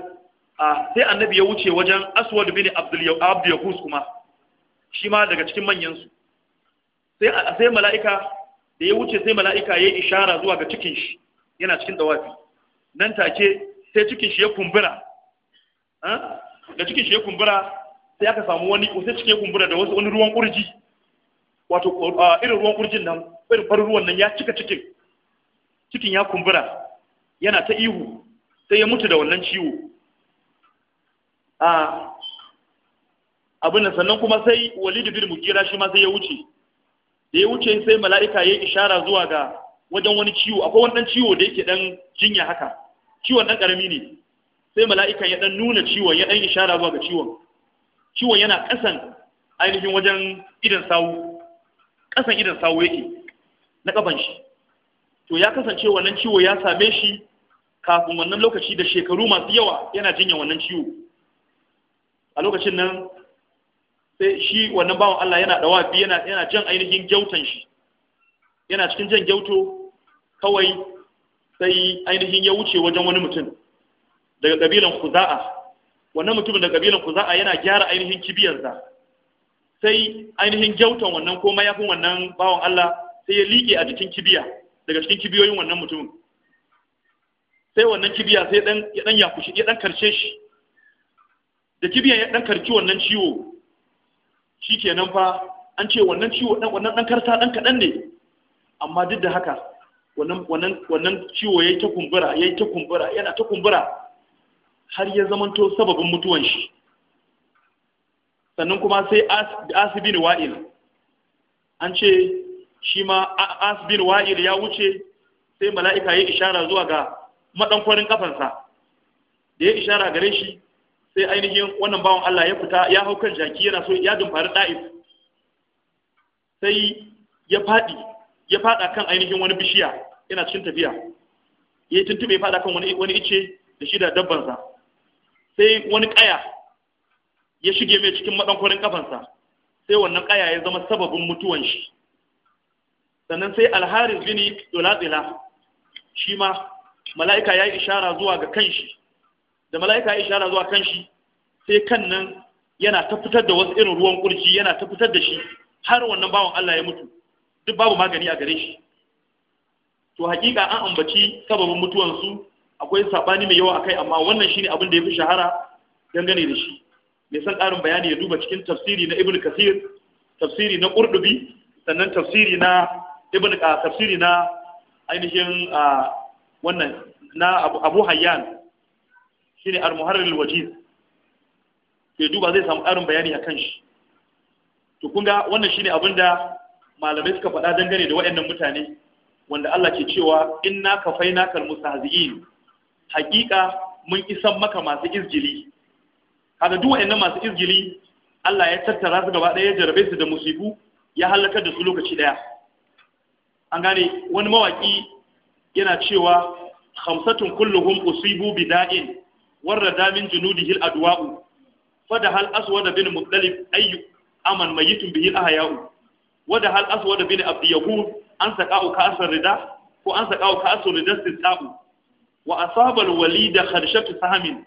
a sai annabi ya wuce wajen aswad bin abdul yahus kuma shi ma daga cikin manyan su sai sai mala'ika da ya wuce sai mala'ika ya yi ishara zuwa ga cikin shi yana cikin dawafi nan take sai cikin shi ya kumbura da cikin shi ya kumbura sai aka samu wani sai cikin ya kumbura da wasu wani ruwan kurji wato irin ruwan kurjin nan irin farin ruwan nan ya cika cikin cikin ya kumbura yana ta ihu sai ya mutu da wannan ciwo a abin nan sannan kuma sai walidu bin mugira shi ma sai ya wuce da ya wuce sai mala'ika ya yi ishara zuwa ga wajen wani ciwo akwai wani ɗan ciwo da yake ɗan jinya haka ciwon ɗan ƙarami ne sai mala'ika ya ɗan nuna ciwon ya ɗan ishara zuwa ga ciwon ciwon yana ƙasan ainihin wajen idan sawu ƙasan idan sawu yake na ƙaban shi to ya kasance wannan ciwo ya same shi kafin wannan lokaci da shekaru masu yawa yana jinya wannan ciwo a lokacin nan sai shi wannan bawan Allah yana dawa bi yana yana jan ainihin gyautan shi yana cikin jan gyauto kawai sai ainihin ya wuce wajen wani mutum daga kabilan Khuza'a wannan mutumin daga kabilan Khuza'a yana gyara ainihin kibiyarsa sai ainihin gyautan wannan ko mayafin wannan bawan Allah sai ya liƙe a jikin kibiya daga cikin kibiyoyin wannan mutumin sai wannan kibiya sai ya dan ya kushi ya dan karshe shi da kibiyan ya dan karci wannan ciwo shi nan fa an ce wannan ciwo wannan ɗan karsa ɗan kaɗan ne amma duk da haka wannan ciwo ya ciwo ta kumbura yi ta kumbura yana ta kumbura har ya zamanto sababin mutuwan shi sannan kuma sai asibin wa'il an ce shi ma asibin wa'il ya wuce sai mala'ika ya ishara zuwa ga maɗankwarin kafansa da ya ishara gare shi sai ainihin wannan bawan Allah ya fita ya hau kan jaki yana so ya dumfari da'if sai ya fadi ya faɗa kan ainihin wani bishiya yana cikin tafiya ya tuntube ya faɗa kan wani wani ice da shi da dabbansa sai wani ƙaya ya shige mai cikin maɗankwarin kafansa sai wannan kaya ya zama sababin mutuwan shi sannan sai Alharin bini dolatsila shi ma mala'ika ya yi ishara zuwa ga kanshi da mala'ika ya ishara zuwa kan shi sai kan nan yana ta fitar da wasu irin ruwan kurci yana ta fitar da shi har wannan bawan Allah ya mutu duk babu magani a gare shi to hakika an ambaci sababin mutuwansu akwai sabani mai yawa akai amma wannan shine abin da ya fi shahara dangane da shi mai san ƙarin bayani ya duba cikin tafsiri na ibn kasir tafsiri na qurdubi sannan tafsiri na ibn tafsiri na ainihin wannan na abu hayyan shine al-muharrir wajiz ke duba zai samu ƙarin bayani akan shi to kun wannan shine abin da malamai suka faɗa dangane da waɗannan mutane wanda Allah ke cewa inna kafaina kal mustahzi'in haƙiƙa mun isan maka masu izgili kaga duk waɗannan masu izgili Allah ya tattara su gaba ɗaya ya jarabe su da musibu ya halakar da su lokaci ɗaya an gane wani mawaƙi yana cewa khamsatun kulluhum usibu bida'in warrada min junudihi al-adwa'u fada hal aswad bin muttalib ayyu aman mayitun bihi al-ahya'u wada hal aswad bin abd yahud an saqa'u ka asr rida ko an saqa'u ka asr rida sita'u wa asaba al-walid kharshatu sahamin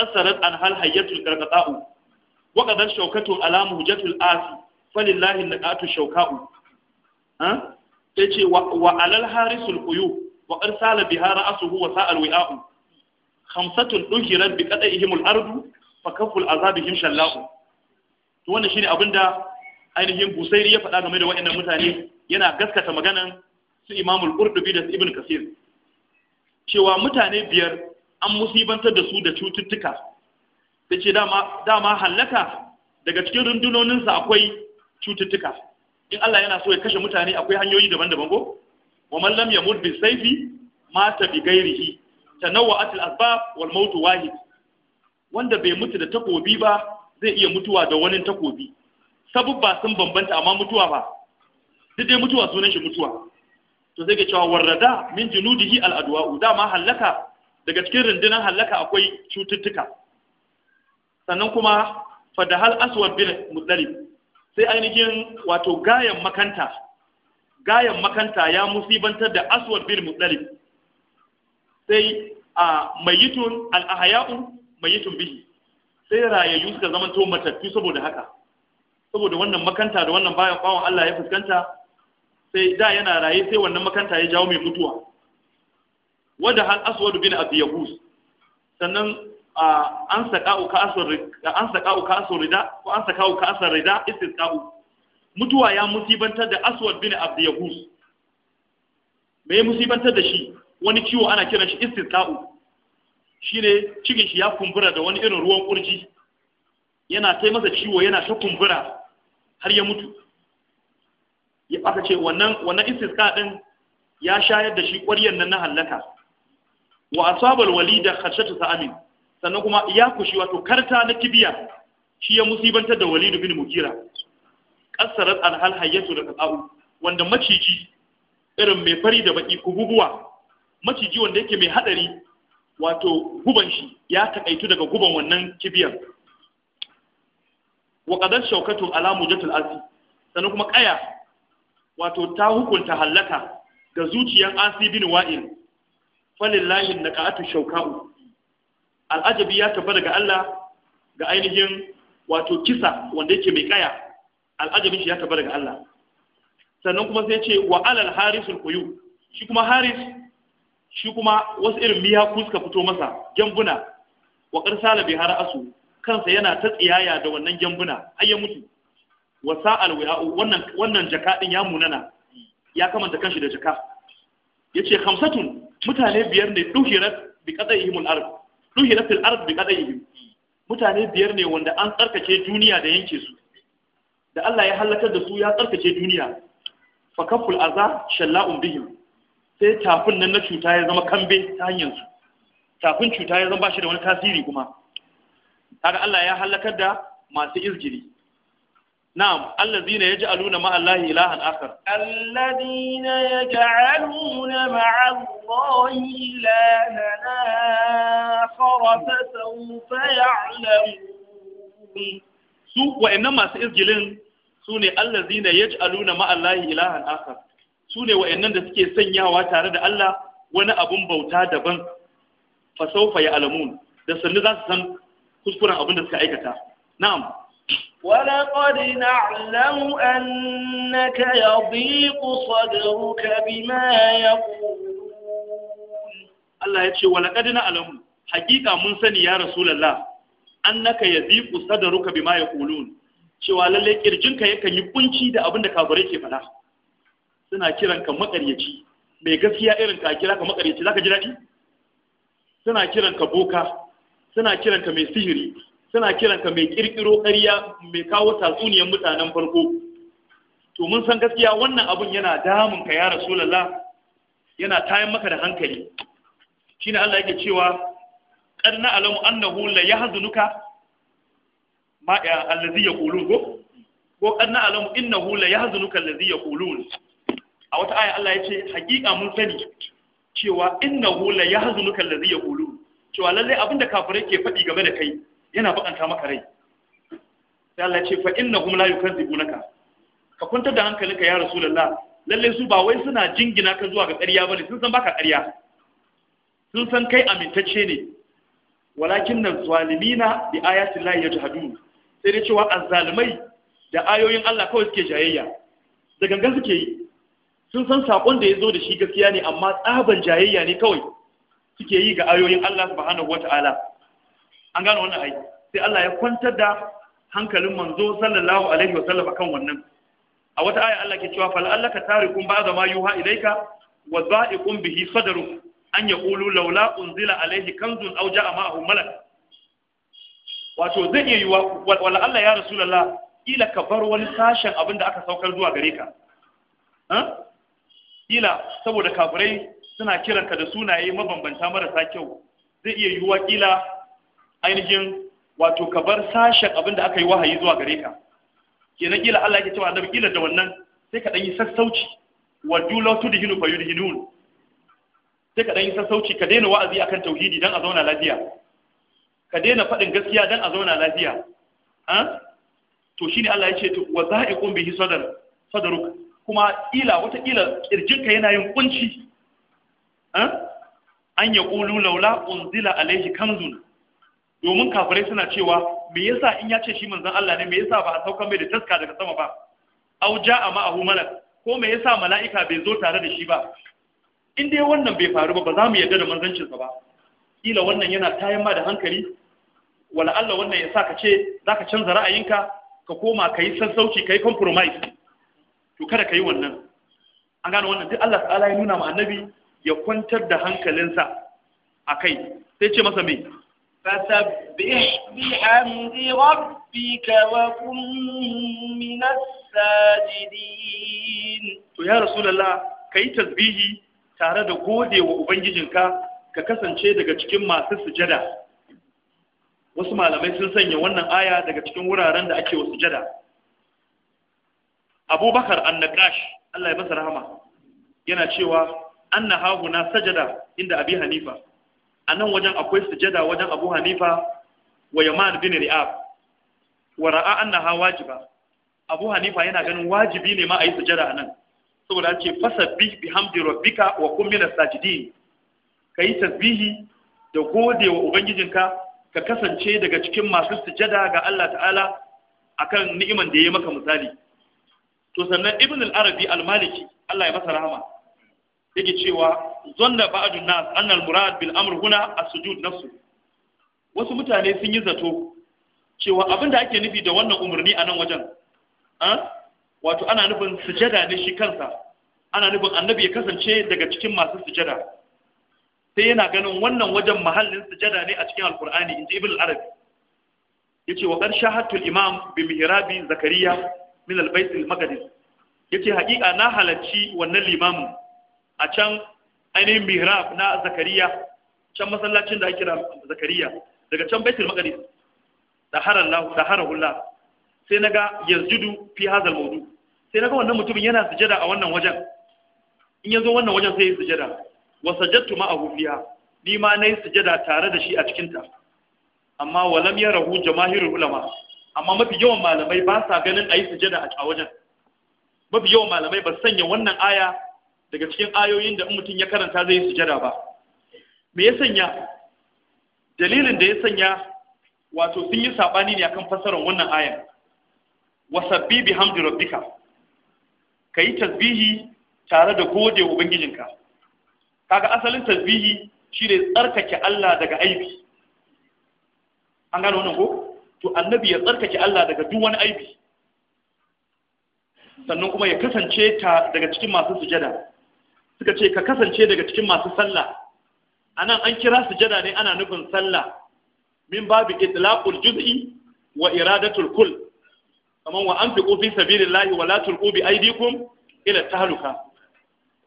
qasarat an hal hayatul qarqata'u wa qadar shawkatu ala muhjatul asi falillahi naqatu shawka'u ha yace wa alal harisul quyu wa arsala biha ra'suhu wa sa'al wi'a'u khamsatun ki bi qada'ihim ihimul ardu fa kaful azabihim shallahu to wannan shine abinda ainihin Busairi ya faɗa game da wa'annan mutane yana gaskata maganan su imamul al-Qurtubi da Ibn Kasir cewa mutane biyar an musibantar da su da cututtuka yace dama dama halaka daga cikin rundunoninsa akwai cututtuka in Allah yana so ya kashe mutane akwai hanyoyi daban-daban ko wa man lam yamut bi sayfi mata bi ghairihi tanawwa'at al-asbab wal mautu wahid wanda bai mutu da takobi ba zai iya mutuwa da wani takobi sabubba sun bambanta amma mutuwa ba duk dai mutuwa sunan shi mutuwa to sai ga cewa warrada min junudihi al da dama halaka daga cikin rundunar hallaka akwai cututtuka sannan kuma fadahal aswad bin mudallib sai ainihin wato gayan makanta gayan makanta ya musibantar da aswad bin mudallib sai a mayitun al mayitun bihi sai rayayyu suka zama to matattu saboda haka saboda wannan makanta da wannan bayan bawan Allah ya fuskanta sai da yana raye sai wannan makanta ya jawo mai mutuwa wadda hal aswadu bin abu yahus sannan an saka ka aswar rida ko an saka ka aswar rida istisqa'u mutuwa ya musibantar da aswad bin abu yahus me musibantar da shi wani ciwo ana kiran shi istisqa'u shine cikin shi ya kumbura da wani irin ruwan kurji yana kai masa ciwo yana ta kumbura har ya mutu ya aka ce wannan wannan istisqa din ya shayar da shi ƙwaryan nan na hallaka wa asabal walida khashatu sa'amin sannan kuma ya kushi wato karta na kibiya shi ya musibantar da walidu bin mukira kasarat alhal hayatu da qa'u wanda maciji irin mai fari da baki kububuwa maciji wanda yake mai hadari wato guban shi ya takaitu daga guban wannan kibiyar. wa qadar shaukatu ala mujatul asi sannan kuma kaya wato ta hukunta hallaka ga zuciyar asi bin wa'il falillahi naqatu shauka'u al'ajabi ya tafi daga Allah ga ainihin wato kisa wanda yake mai kaya al'ajabin shi ya tafi daga Allah sannan kuma sai ce wa alal harisul quyu shi kuma haris shi kuma wasu irin miyaku suka fito masa gyambuna wa ƙarsala bai har asu kansa yana ta tsiyaya da wannan gyambuna Ai ya mutu wa sa'al wannan wannan jaka din ya munana ya kamanta kanshi da jaka yace khamsatun mutane biyar ne duhirat bi qadayhim al-ard duhirat al-ard bi qadayhim mutane biyar ne wanda an tsarkake duniya da yanke su da Allah ya halakar da su ya tsarkake duniya fa kaful aza shalla'un bihim sai tafin nan na cuta ya zama kambe ta hanyar su. tafin cuta ya zama ba shi da wani tasiri kuma haka Allah ya halakar da masu izgiri na'am allazi ne ya ji aluna ma'allahi ilahan akar allazi ne ya ji aluna ma'allahi ilahan akar su wa'annan masu izgilin su ne allazi ne ya ji aluna ma'allahi ilahan akar su ne wa’yannan da suke sanyawa tare da Allah wani abin bauta daban fasaufa ya alamun da sannu za su san kuskuren abin da suka aikata. Na’am. Wala ƙwari na alamu an na ka yabi kusa da ruka bi ma ya Allah ya ce, Wala ƙadi na alamu, hakika mun sani ya Rasulallah, an na ka yabi kusa da ruka bi ma ya kulun, cewa lallai ƙirjinka yakan yi ƙunci da abin da kabure ke faɗa. suna kiran ka makaryaci mai gaskiya irin ka kira ka makaryaci zaka ji daɗi suna kiran ka boka suna kiran ka mai sihiri suna kiran ka mai kirkiro ƙarya mai kawo tatsuniyar mutanen farko to mun san gaskiya wannan abun yana damun ka ya rasulullah yana tayan maka da hankali shine Allah yake cewa qad na'lamu annahu la yahzunuka ma allazi yaqulun ko ko qad na'lamu innahu la yahzunuka allazi yaqulun a wata aya Allah ya ce haƙiƙa mun sani cewa innahu la yahzunuka allazi yaqulu cewa lalle abinda kafirai ke faɗi game da kai yana bakanta maka rai sai Allah ya ce fa innahum la yukadzibunaka ka kwantar da hankalinka ya rasulullah lalle su ba wai suna jingina ka zuwa ga ƙarya bane sun san baka ƙarya sun san kai amintacce ne walakin nan zalimina bi ayatin lahi yajhadun sai dai cewa azzalimai da ayoyin Allah kawai suke jayayya da gangan suke yi sun san sakon da ya zo da shi gaskiya ne amma tsaban jayayya ne kawai suke yi ga ayoyin Allah subhanahu wata'ala an gano wannan ai sai Allah ya kwantar da hankalin manzo sallallahu alaihi wa sallam akan wannan a wata aya Allah ke cewa fal allaka tarikum ba'da ma yuha ilayka wa dha'iqum bihi sadru an yaqulu laula unzila alaihi kanzun aw ja'a ma'ahu malak wato zai iya wa wala Allah ya rasulullah ila ka bar wani sashen abin da aka saukar zuwa gare ka kila saboda kafirai suna kiranka da sunaye mabambanta marasa kyau zai iya yiwuwa kila ainihin wato ka bar sashen abin da aka yi wahayi zuwa gare ka kenan kila Allah ya cewa annabi kila da wannan sai ka dan yi sassauci wa dulo tu dihinu fa yudhinun sai ka dan yi sassauci ka daina wa'azi akan tauhidi dan a zauna lafiya ka daina faɗin gaskiya dan a zauna lafiya to shine Allah ya ce to wa za'iqum bihi sadar sadaruka kuma ila watakila kirjinka yana yin kunci eh? an ya ƙulu laula unzila alaihi kanzun domin kafirai suna cewa me yasa in ya ce shi manzon Allah ne me yasa ba a saukan mai da taska daga sama ba au ja'a ma'ahu malak ko me yasa mala'ika bai zo tare da shi ba in dai wannan bai faru ba ba za mu yarda da sa ba kila wannan yana tayan ma da hankali wala Allah wannan ya sa ka ce zaka canza ra'ayinka ka koma kai sassauci kai compromise to kada ka yi wannan an gane wannan duk Allah ta'ala ya nuna ma annabi ya kwantar da hankalinsa a kai sai ce masa mai fasabbih bihamdi rabbika wa kun min as to ya rasulullah kai tasbihi tare da gode wa ubangijinka ka kasance daga cikin masu sujada wasu malamai sun sanya wannan aya daga cikin wuraren da ake wa sujada abubakar annakash Allah ya masa rahama yana cewa anna hahuna sajada inda abi hanifa a wajen akwai sujada wajen abu hanifa wa yaman bin ri'ab wa ra'a annaha wajiba abu hanifa yana ganin wajibi ne ma ayi yi sujada a saboda an ce fasabbi bihamdi rabbika wa kum min as-sajidin kai tasbihi da gode wa ubangijinka ka kasance daga cikin masu sujada ga Allah ta'ala akan ni'iman da ya yi maka misali to sannan ibn al-arabi al-maliki Allah ya masa rahama yake cewa zanna ba'dun nas anna al-murad bil amr huna as-sujud nafsu wasu mutane sun yi zato cewa abinda ake nufi da wannan umarni a nan wajen wato ana nufin sujada ne shi kansa ana nufin annabi ya kasance daga cikin masu sujada sai yana ganin wannan wajen mahallin sujada ne a cikin alkur'ani inji ibn al-arabi yace wa qad al imam bi mihrabi zakariya min al-bait al-maqdis yace haƙiƙa na halarci wannan limamin a can ainihin mihrab na zakariya can masallacin da ake kira zakariya daga can baitul maqdis da harallahu da harahullah sai naga yasjudu fi hadha mawdu sai naga wannan mutumin yana sujada a wannan wajen in yazo wannan wajen sai ya sujada wa sajadtu ma'ahu fiha ni ma nayi sujada tare da shi a cikin ta amma walam yarahu jamaahirul ulama amma mafi yawan malamai ba sa ganin a yi sujada a wajen mafi yawan malamai ba sanya wannan aya daga cikin ayoyin da mutum ya karanta zai yi sujada ba me ya sanya dalilin da ya sanya wato sun yi sabani ne akan fasarar wannan ayan wasabbi hamdi rabbika kayi tasbihi tare da gode wa ubangijinka kaga asalin tasbihi shi shine tsarkake Allah daga aiki. an gano wannan ko to annabi ya tsarkake Allah daga duk wani aibi sannan kuma ya kasance ta daga cikin masu sujada suka ce ka kasance daga cikin masu sallah anan an kira sujada ne ana nufin sallah min babu itlaqul juz'i wa iradatul kull kaman wa anfiqu fi sabilillahi wa la tulqu bi aydikum ila tahluka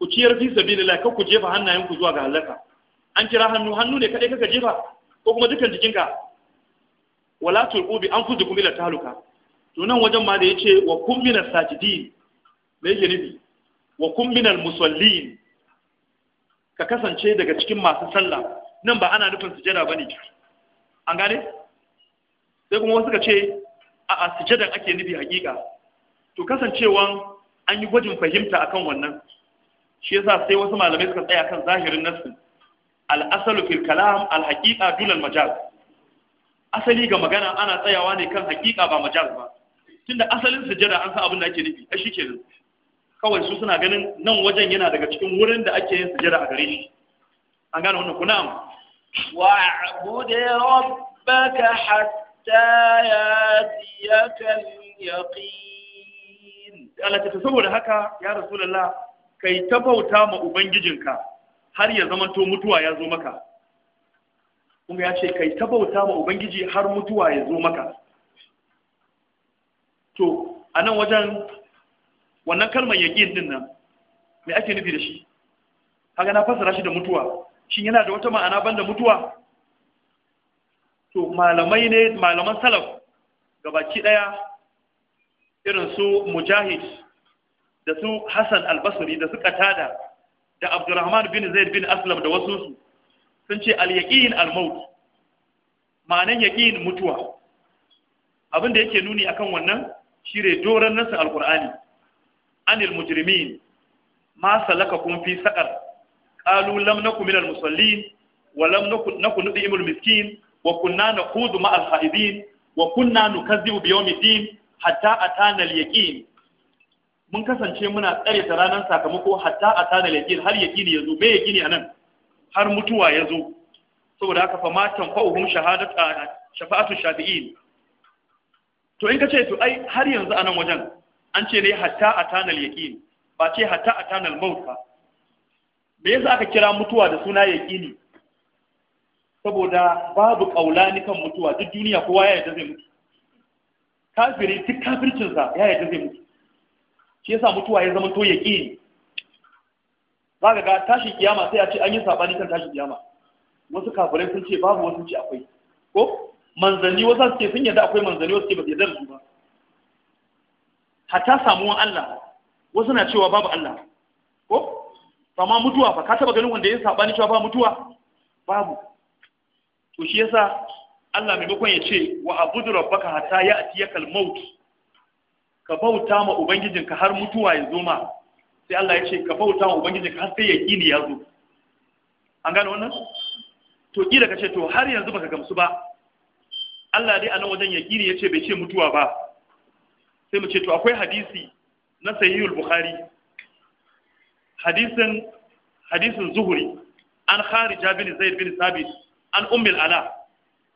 ku ciyar fi sabilillahi ka ku jefa hannayen ku zuwa ga halaka an kira hannu hannu ne kadai kaka jefa ko kuma dukan jikinka wala tulqu bi anfusikum ila tahluka to nan wajen ma da yace wa kum as sajidin me yake nufi wa kum al musallin ka kasance daga cikin masu sallah nan ba ana nufin sujada bane an gane sai kuma wasu ka ce a a sujadan ake nufi hakika to kasancewan an yi gwajin fahimta akan wannan shi yasa sai wasu malamai suka tsaya kan zahirin nasu al-asalu fil kalam al-haqiqa dulal majaz asali ga magana ana tsayawa ne kan hakika ba majaz ba tunda asalin sujada an san abin da ake nufi a nan. kawai su suna ganin nan wajen yana daga cikin wurin da ake yin sujada a gare shi an gane wannan kuna am wa'bud rabbaka hatta yatiyaka yaqin Allah ta saboda haka ya rasulullah kai ta bauta ma ubangijinka har ya zamanto mutuwa ya zo maka kuma ya ce kai ta bauta ma ubangiji har mutuwa ya zo maka to a nan wajen wannan kalmar yaƙin din nan me ake nufi da shi Haka na fasara shi da mutuwa shin yana da wata ma'ana ban da mutuwa to malamai ne malaman salaf gabaki ɗaya irin su mujahid da su hassan albasri da su katada da abdurrahman bin zaid bin aslam da wasu su sun ce al-yaqin al-maut ma'anan yaqin mutuwa abin da yake nuni akan wannan shire doran al qurani anil mujrimin ma salakakum fi saqar qalu lam nakum minal musallin wa lam nakun nudimul miskin wa kunna naqudu ma'al khaidin wa kunna nukazzibu biyawmiddin hatta atana al-yaqin mun kasance muna tsare ta ranar sakamako hatta atana al-yaqin har yaqini yazo me yaqini anan har mutuwa ya zo saboda aka fa matan fa'uhum shafa'atu shafi'in to in ka ce to ai har yanzu anan wajen an ce ne hatta tanar yaqin ba ce hatta atanal maut ba me yasa aka kira mutuwa da suna yaqini saboda babu kaulani kan mutuwa duk duniya kowa ya yarda zai mutu kafiri duk kafircinsa ya yarda zai mutu shi yasa mutuwa ya zama to yaqini za ka ga tashi kiyama sai a ce an yi sabani kan tashi kiyama wasu kafirai sun ce babu wasu ce akwai ko manzanni wasu suke sun yadda akwai manzanni wasu ke ba su su ba hatta samuwan Allah wasu na cewa babu Allah ko amma mutuwa fa ka taba ganin wanda ya sabani cewa ba mutuwa babu to shi yasa Allah mai bakon ya ce wa abudu rabbaka hatta ya'tiyakal maut ka bauta ma ubangijinka har mutuwa ya zo ma sai Allah ya ce ka bauta wa ubangiji ka sai kini ya zo an gane wannan to ki ce to har yanzu baka gamsu ba Allah dai a nan wajen yakini ya ce bai ce mutuwa ba sai mu ce to akwai hadisi na sahihul bukhari hadisin hadisin zuhuri an kharija bin zaid bin sabit an ummul ala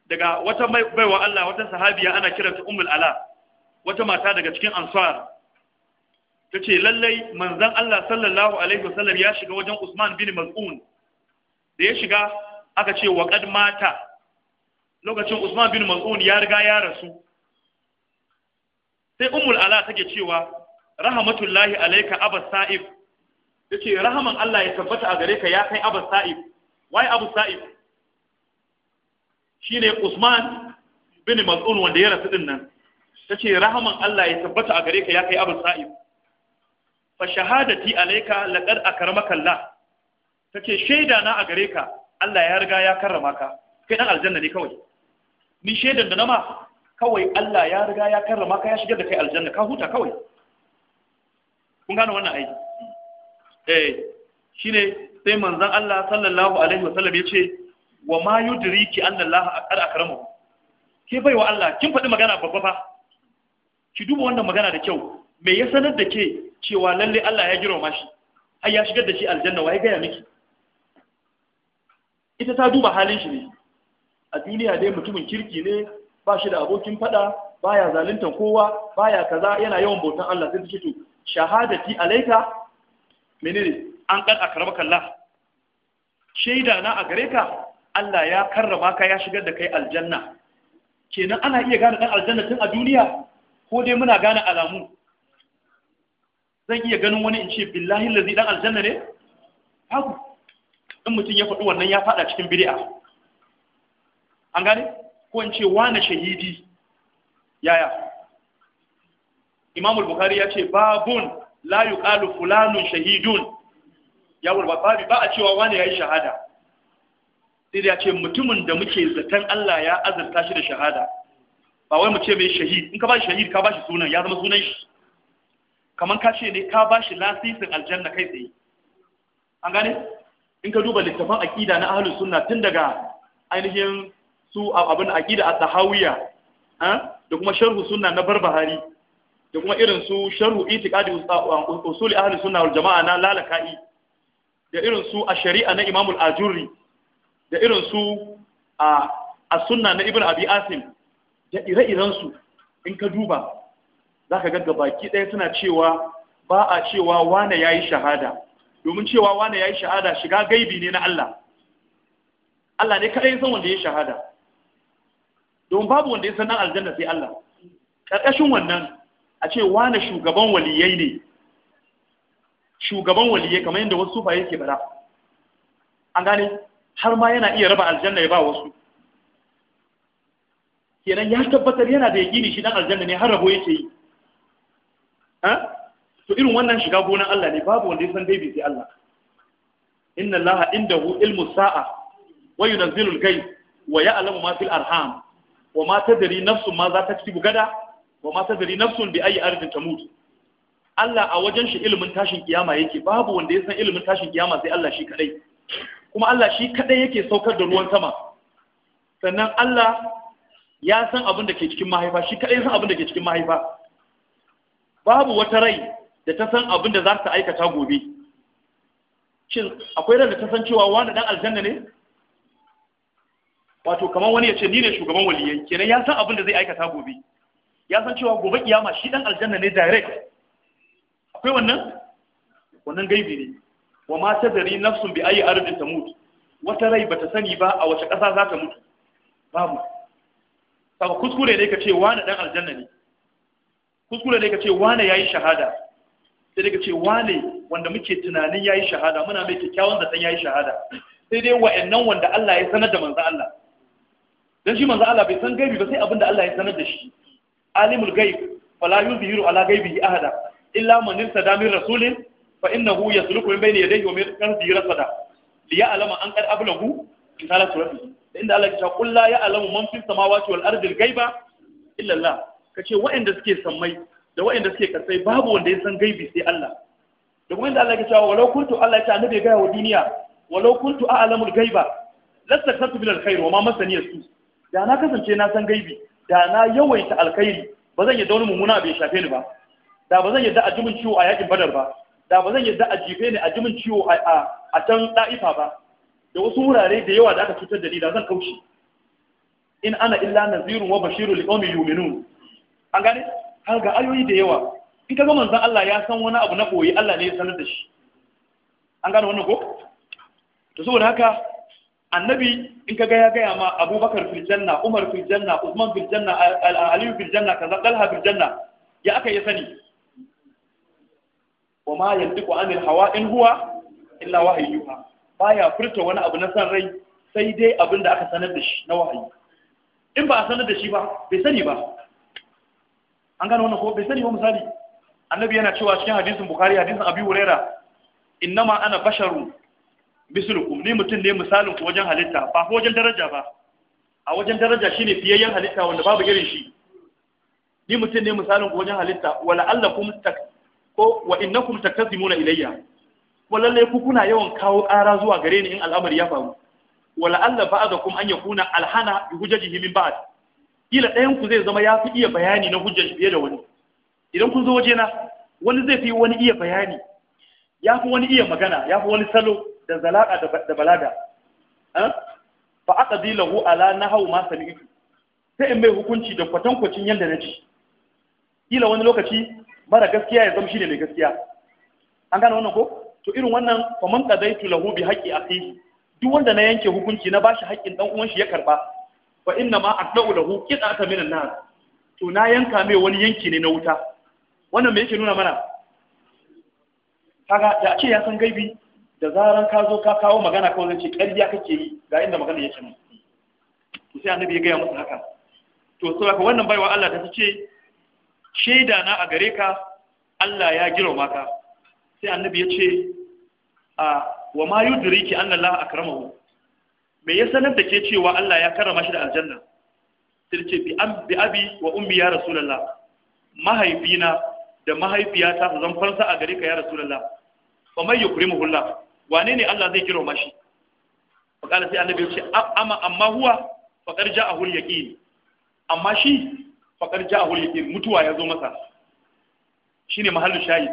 daga wata baiwa Allah wata sahabiya ana kiranta ummul ala wata mata daga cikin ansar ta ce lallai manzan Allah sallallahu alaihi wasallam ya shiga wajen Usman bin Maz'un da ya shiga aka ce wa mata lokacin Usman bin Maz'un ya riga ya rasu sai Ummul Ala take cewa rahmatullahi alayka Abba Sa'ib ce, rahaman Allah ya tabbata a gare ka ya kai Abba Sa'ib wai Abu Sa'ib ne Usman bin Maz'un wanda ya rasu din nan ce, rahaman Allah ya tabbata a gare ka ya kai Abba Sa'ib fa shahadati alayka laqad akramaka Allah take shaida na a gare ka Allah ya riga ya karrama ka kai dan aljanna ne kawai ni shaidan da na ma kawai Allah ya riga ya karrama ka ya shigar da kai aljanna ka huta kawai kun gane wannan aiki eh shine sai manzon Allah sallallahu alaihi wasallam ya ce wa ma yudriki anna Allah aqad akramahu ke baiwa Allah kin faɗi magana babba fa ki duba wannan magana da kyau me ya sanar da ke cewa lalle Allah ya jiro shi ai ya shigar da shi aljanna wai ga ya miki ita ta duba halin shi ne a duniya dai mutumin kirki ne ba shi da abokin fada baya zaluntar kowa baya kaza yana yawan bautan Allah sai ta ce to shahadati alaika menene an kar akramaka Allah shaida na a gare ka Allah ya karrama ka ya shigar da kai aljanna kenan ana iya gane dan aljanna tun a duniya ko dai muna gane alamu zan iya ganin wani in ce billahi lazi dan aljanna ne haku in mutum ya faɗi wannan ya faɗa cikin bid'a an gane ko in ce wani shahidi yaya imamul bukhari ya ce babun la yuqalu fulanun shahidun ya wurba babi ba a cewa wani yayi shahada sai da ya ce mutumin da muke zaton Allah ya azurta shi da shahada ba wai mu ce mai shahid in ka ba shi shahid ka ba shi sunan ya zama sunan shi kamar ka ce ne ka ba shi lasisin aljanna kai tsaye an gane in ka duba littafan aƙida na ahlus sunna tun daga ainihin su abin aƙida a tahawiyya da kuma sharhu sunna na barbahari da kuma irin su sharhu itiqadi uh, usuli ahlus sunna wal jama'a na lalaka'i da irin su a shari'a na imamul ajuri da irin su uh, a sunna na ibn abi asim da ire-iren in ka duba za ka ga baki ɗaya suna cewa ba a cewa wane ya yi shahada domin cewa wane ya yi shahada shiga gaibi ne na Allah Allah ne kaɗai san wanda ya yi shahada don babu wanda ya san nan aljanna sai Allah ƙarƙashin wannan a ce wane shugaban waliyai ne shugaban waliyai kamar yadda wasu sufaye ke bara an gane har ma yana iya raba aljanna ya ba wasu kenan ya tabbatar yana da yaƙini shi dan aljanna ne har rabo yake yi to irin wannan shiga gonan Allah ne babu wanda ya san gaibi sai Allah inna Allah indahu ilmu sa'a wa yunzilu al ghayb wa ya'lamu ma fil arham wa ma tadri nafsun ma za ta kasibu gada wa ma tadri nafsun bi ayi ardin tamut Allah a wajen shi ilimin tashin kiyama yake babu wanda ya san ilimin tashin kiyama sai Allah shi kadai kuma Allah shi kadai yake saukar da ruwan sama sannan Allah ya san abin da ke cikin mahaifa shi kadai ya san abin da ke cikin mahaifa babu wata rai da ta san abin da za ta aikata gobe shin akwai rai da ta san cewa wani dan aljanna ne wato kamar wani ya ce ni ne shugaban waliyai kenan ya san abin da zai aikata gobe ya san cewa gobe kiyama shi dan aljanna ne direct akwai wannan wannan gaibi ne wa ma tadri nafsun bi ayi ardin tamut wata rai bata sani ba a wace ƙasa za ta mutu babu saka kuskure ne ka ce wani dan aljanna ne kuskure ne ka ce wane ya yi shahada sai dai ka ce wane wanda muke tunanin ya yi shahada muna mai kyakkyawan zaton ya yi shahada sai dai wa'annan wanda Allah ya sanar da manzo Allah dan shi manzo Allah bai san gaibi ba sai abinda Allah ya sanar da shi alimul gaib fala yuzhiru ala gaibihi ahada illa man irtada min rasulin fa innahu yasluku min bayni yadayhi wa min khalfihi rasada liya'lama an qad ablahu risalatu rabbih inda Allah ya ce qul la ya'lamu man fis samawati wal ardi al ghaiba illa Allah ka ce waɗanda suke sammai da waɗanda suke kasai babu wanda ya san gaibi sai Allah da kuma Allah ya cewa walau kuntu Allah ya ce annabi ga wa duniya walau kuntu a'lamul ghaiba lastaktu bil khair wa ma masani yasu da na kasance na san gaibi da na yawaita alkhairi ba zan yadda wani mummuna bai shafe ni ba da ba zan yadda a jimin ciwo a yakin badar ba da ba zan yadda a jife ni a jimin ciwo a can da'ifa ba da wasu wurare da yawa da aka cutar da ni da zan kauce in ana illa nazirun wa bashirun liqaumin yu'minun an gane ga ayoyi da yawa in ka gama zan Allah ya san wani abu na koyi Allah ne ya sanar da shi an gane wannan ko to saboda haka annabi in ka ga ya gaya ma abubakar fil umar fil janna usman fil janna aliyu fil kaza talha fil ya aka ya sani wa ma yantiqu anil hawa in huwa illa wahyuha baya furta wani abu na san rai sai dai abin da aka sanar da shi na wahayi in ba a sanar da shi ba bai sani ba an gane wannan ko bai sani ba misali annabi yana cewa cikin hadisin bukhari hadisin abi huraira innama ana basharu mislukum ni mutum ne misalin ku wajen halitta ba ko wajen daraja ba a wajen daraja shine fiyayyen halitta wanda babu irin shi ni mutum ne misalin ku wajen halitta wala allakum tak ko wa innakum taktasimuna ilayya ko lalle ku kuna yawan kawo ƙara zuwa gare ni in al'amari ya faru wala alla ba'dakum an yakuna alhana bi hujjajihi min ba'd kila ɗayan ku zai zama ya fi iya bayani na hujjar fiye da wani idan kun zo waje na wani zai fi wani iya bayani ya fi wani iya magana ya fi wani salo da zalaka da balaga fa aka zai lahu ala na hau ma sami'tu sai in mai hukunci da kwatankwacin yadda na ji. kila wani lokaci mara gaskiya ya zama shi ne mai gaskiya an gane wannan ko to irin wannan faman qadaitu lahu bi haqqi akhihi duk wanda na yanke hukunci na bashi haƙƙin dan uwan shi ya karba fa inna ma adna'u lahu qit'atan minan nar to na yanka mai wani yanki ne na wuta wannan me yake nuna mana kaga da ce ya san gaibi da zaran ka zo ka kawo magana kawai zai ce ƙarya kake yi ga inda magana yake nan to sai annabi ya gaya musu haka to sai ka wannan baiwa Allah ta ce shaida na a gare ka Allah ya girma maka. sai annabi ya ce a wa ma yudriki anna akramahu me ya sanar da ke cewa Allah ya karrama shi da aljanna sai ce bi an bi abi wa ummi ya rasulullah mahaifina da mahaifiyata su zan farsa a gare ka ya rasulullah fa mai yukrimuhu Allah wane ne Allah zai kiro mashi fa kana sai annabi ya ce amma amma huwa fa karja ahul yaqin amma shi fa karja ahul yaqin mutuwa ya zo masa shine mahallu shayi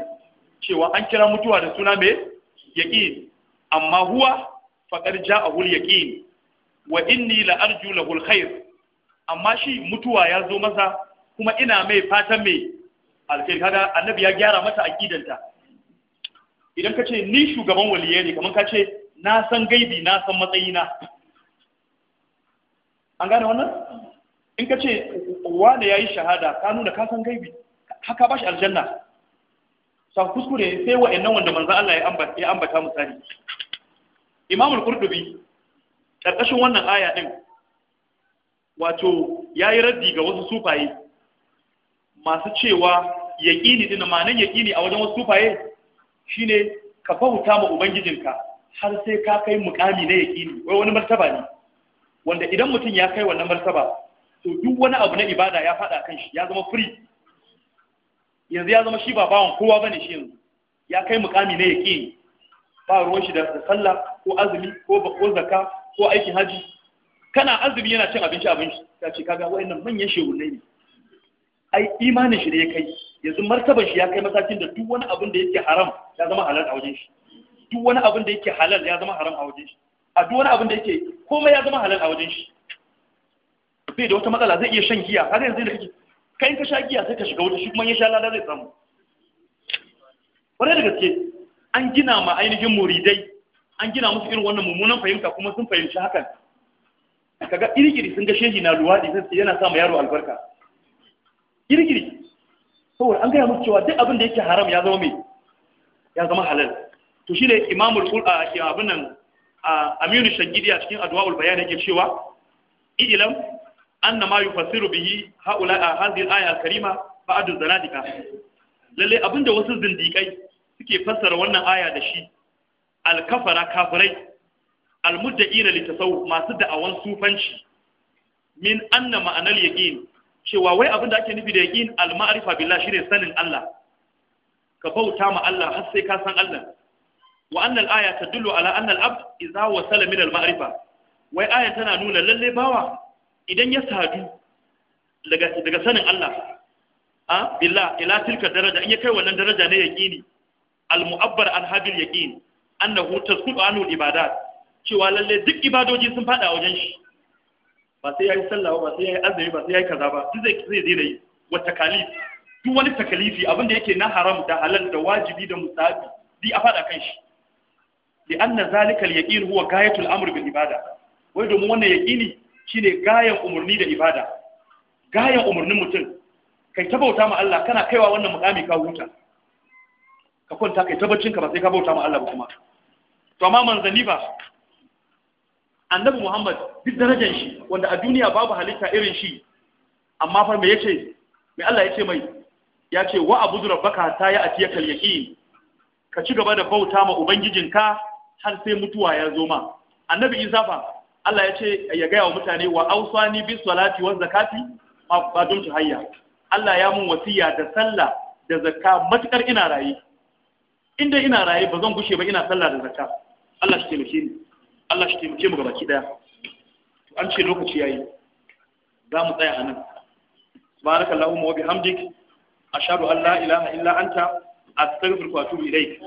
cewa an kira mutuwa da suna me yaqin amma huwa faƙar ja a yaqin wa inni la arju lahul khair amma shi mutuwa ya zo masa kuma ina mai fatan mai alkhair kada annabi ya gyara mata aqidanta idan ka ce ni shugaban waliyai ne kamar ka ce na san gaibi na san matsayina an gane wannan in ka ce wanda ya yi shahada ka nuna ka san gaibi haka ba shi aljanna sa kuskure sai wa'annan wanda manzo Allah ya ambata misali imamul qurtubi ƙarƙashin wannan aya ɗin wato ya yi raddi ga wasu sufaye masu cewa yaƙini ɗin ma nan yaƙini a wajen wasu sufaye Shi ne, ka fahuta ma ubangijinka har sai ka kai mukami na yaƙini wai wani martaba ne wanda idan mutum ya kai wannan martaba to duk wani abu na ibada ya faɗa kan shi ya zama firi yanzu ya zama shi ba bawan kowa bane shi yanzu ya kai mukami na yaƙini ba ruwan shi da sallah ko azumi ko ko zakka ko aikin haji kana azumi yana cin abinci abinci ta ce kaga wayannan manyan shehunai ne ai imanin shi ne ya kai yanzu martaban shi ya kai matakin da duk wani abin da yake haram ya zama halal a wajen shi duk wani abin da yake halal ya zama haram a wajen shi a duk wani abin da yake komai ya zama halal a wajen shi bai da wata matsala zai iya shan giya kaga yanzu da kake kai ka sha giya sai ka shiga wuta shi kuma ya sha lada zai samu Wani da gaske an gina ma ainihin muridai an gina musu irin wannan mummunan fahimta kuma sun fahimci hakan kaga irgiri sun ga shehi na luwaɗi sai yana sa ma yaro albarka irgiri saboda an gaya musu cewa duk abin da yake haram ya zama mai ya zama halal to shine imamul qur'a ke abin nan A aminu shangidi a cikin adwaul bayan yake cewa ilam anna ma yufassiru bihi haula hadhihi al-aya karima ba'd az-zanadika lalle abinda wasu zindikai suke fassara wannan aya da shi alkafara kafirai almudda'ina litasawuf masu da'awan sufanci min anna ma'anar yaqin cewa wai abin da ake nufi da yaqin al-ma'rifa billah shine sanin Allah ka bauta ma Allah har sai ka san Allah wa anna al-aya tadullu ala anna al-abd idza wasala min al-ma'rifa wai aya tana nuna lalle bawa idan ya sadu daga daga sanin Allah a ah, billah ila tilka daraja in ya kai wannan daraja ne yaqini al-mu'abbar an habil yaqin annahu tasqutu anhu ibadat cewa lalle duk ibadoji sun fada wajen shi ba sai yayi sallah ba sai yayi azumi ba sai yayi kaza ba duk zai zai dai yi wa takalif duk wani takalifi abin da yake na haram da halal da wajibi da musabi di a fada kan shi li anna zalikal yaqin huwa gayatul amr bil ibada wai domin wannan yaqini shine gayan umurni da ibada gayan umurnin mutum kai ta bauta ma Allah kana kaiwa wannan mukami ka huta ka kwanta kai tabbacin ka ba sai ka bauta ma Allah ba kuma to amma manzanni ba annabi Muhammad duk darajar shi wanda a duniya babu halitta irin shi amma fa me yace me Allah yace mai yace wa abudu rabbaka ta ya kal yaqin ka ci gaba da bauta ma ubangijinka har sai mutuwa ya zo ma annabi Isa fa Allah yace ya ga wa mutane wa ausani bis salati waz zakati don badum hayya Allah ya mun wasiya da sallah da zakka matukar ina rayi inda ina raye ba zan gushe ba ina sallah da zakka Allah shi taimake ni Allah shi taimake mu gabaki daya to an ce lokaci yayi za mu tsaya anan subhanakallahumma wa bihamdik ashhadu an la ilaha illa anta astaghfiruka wa atubu ilaik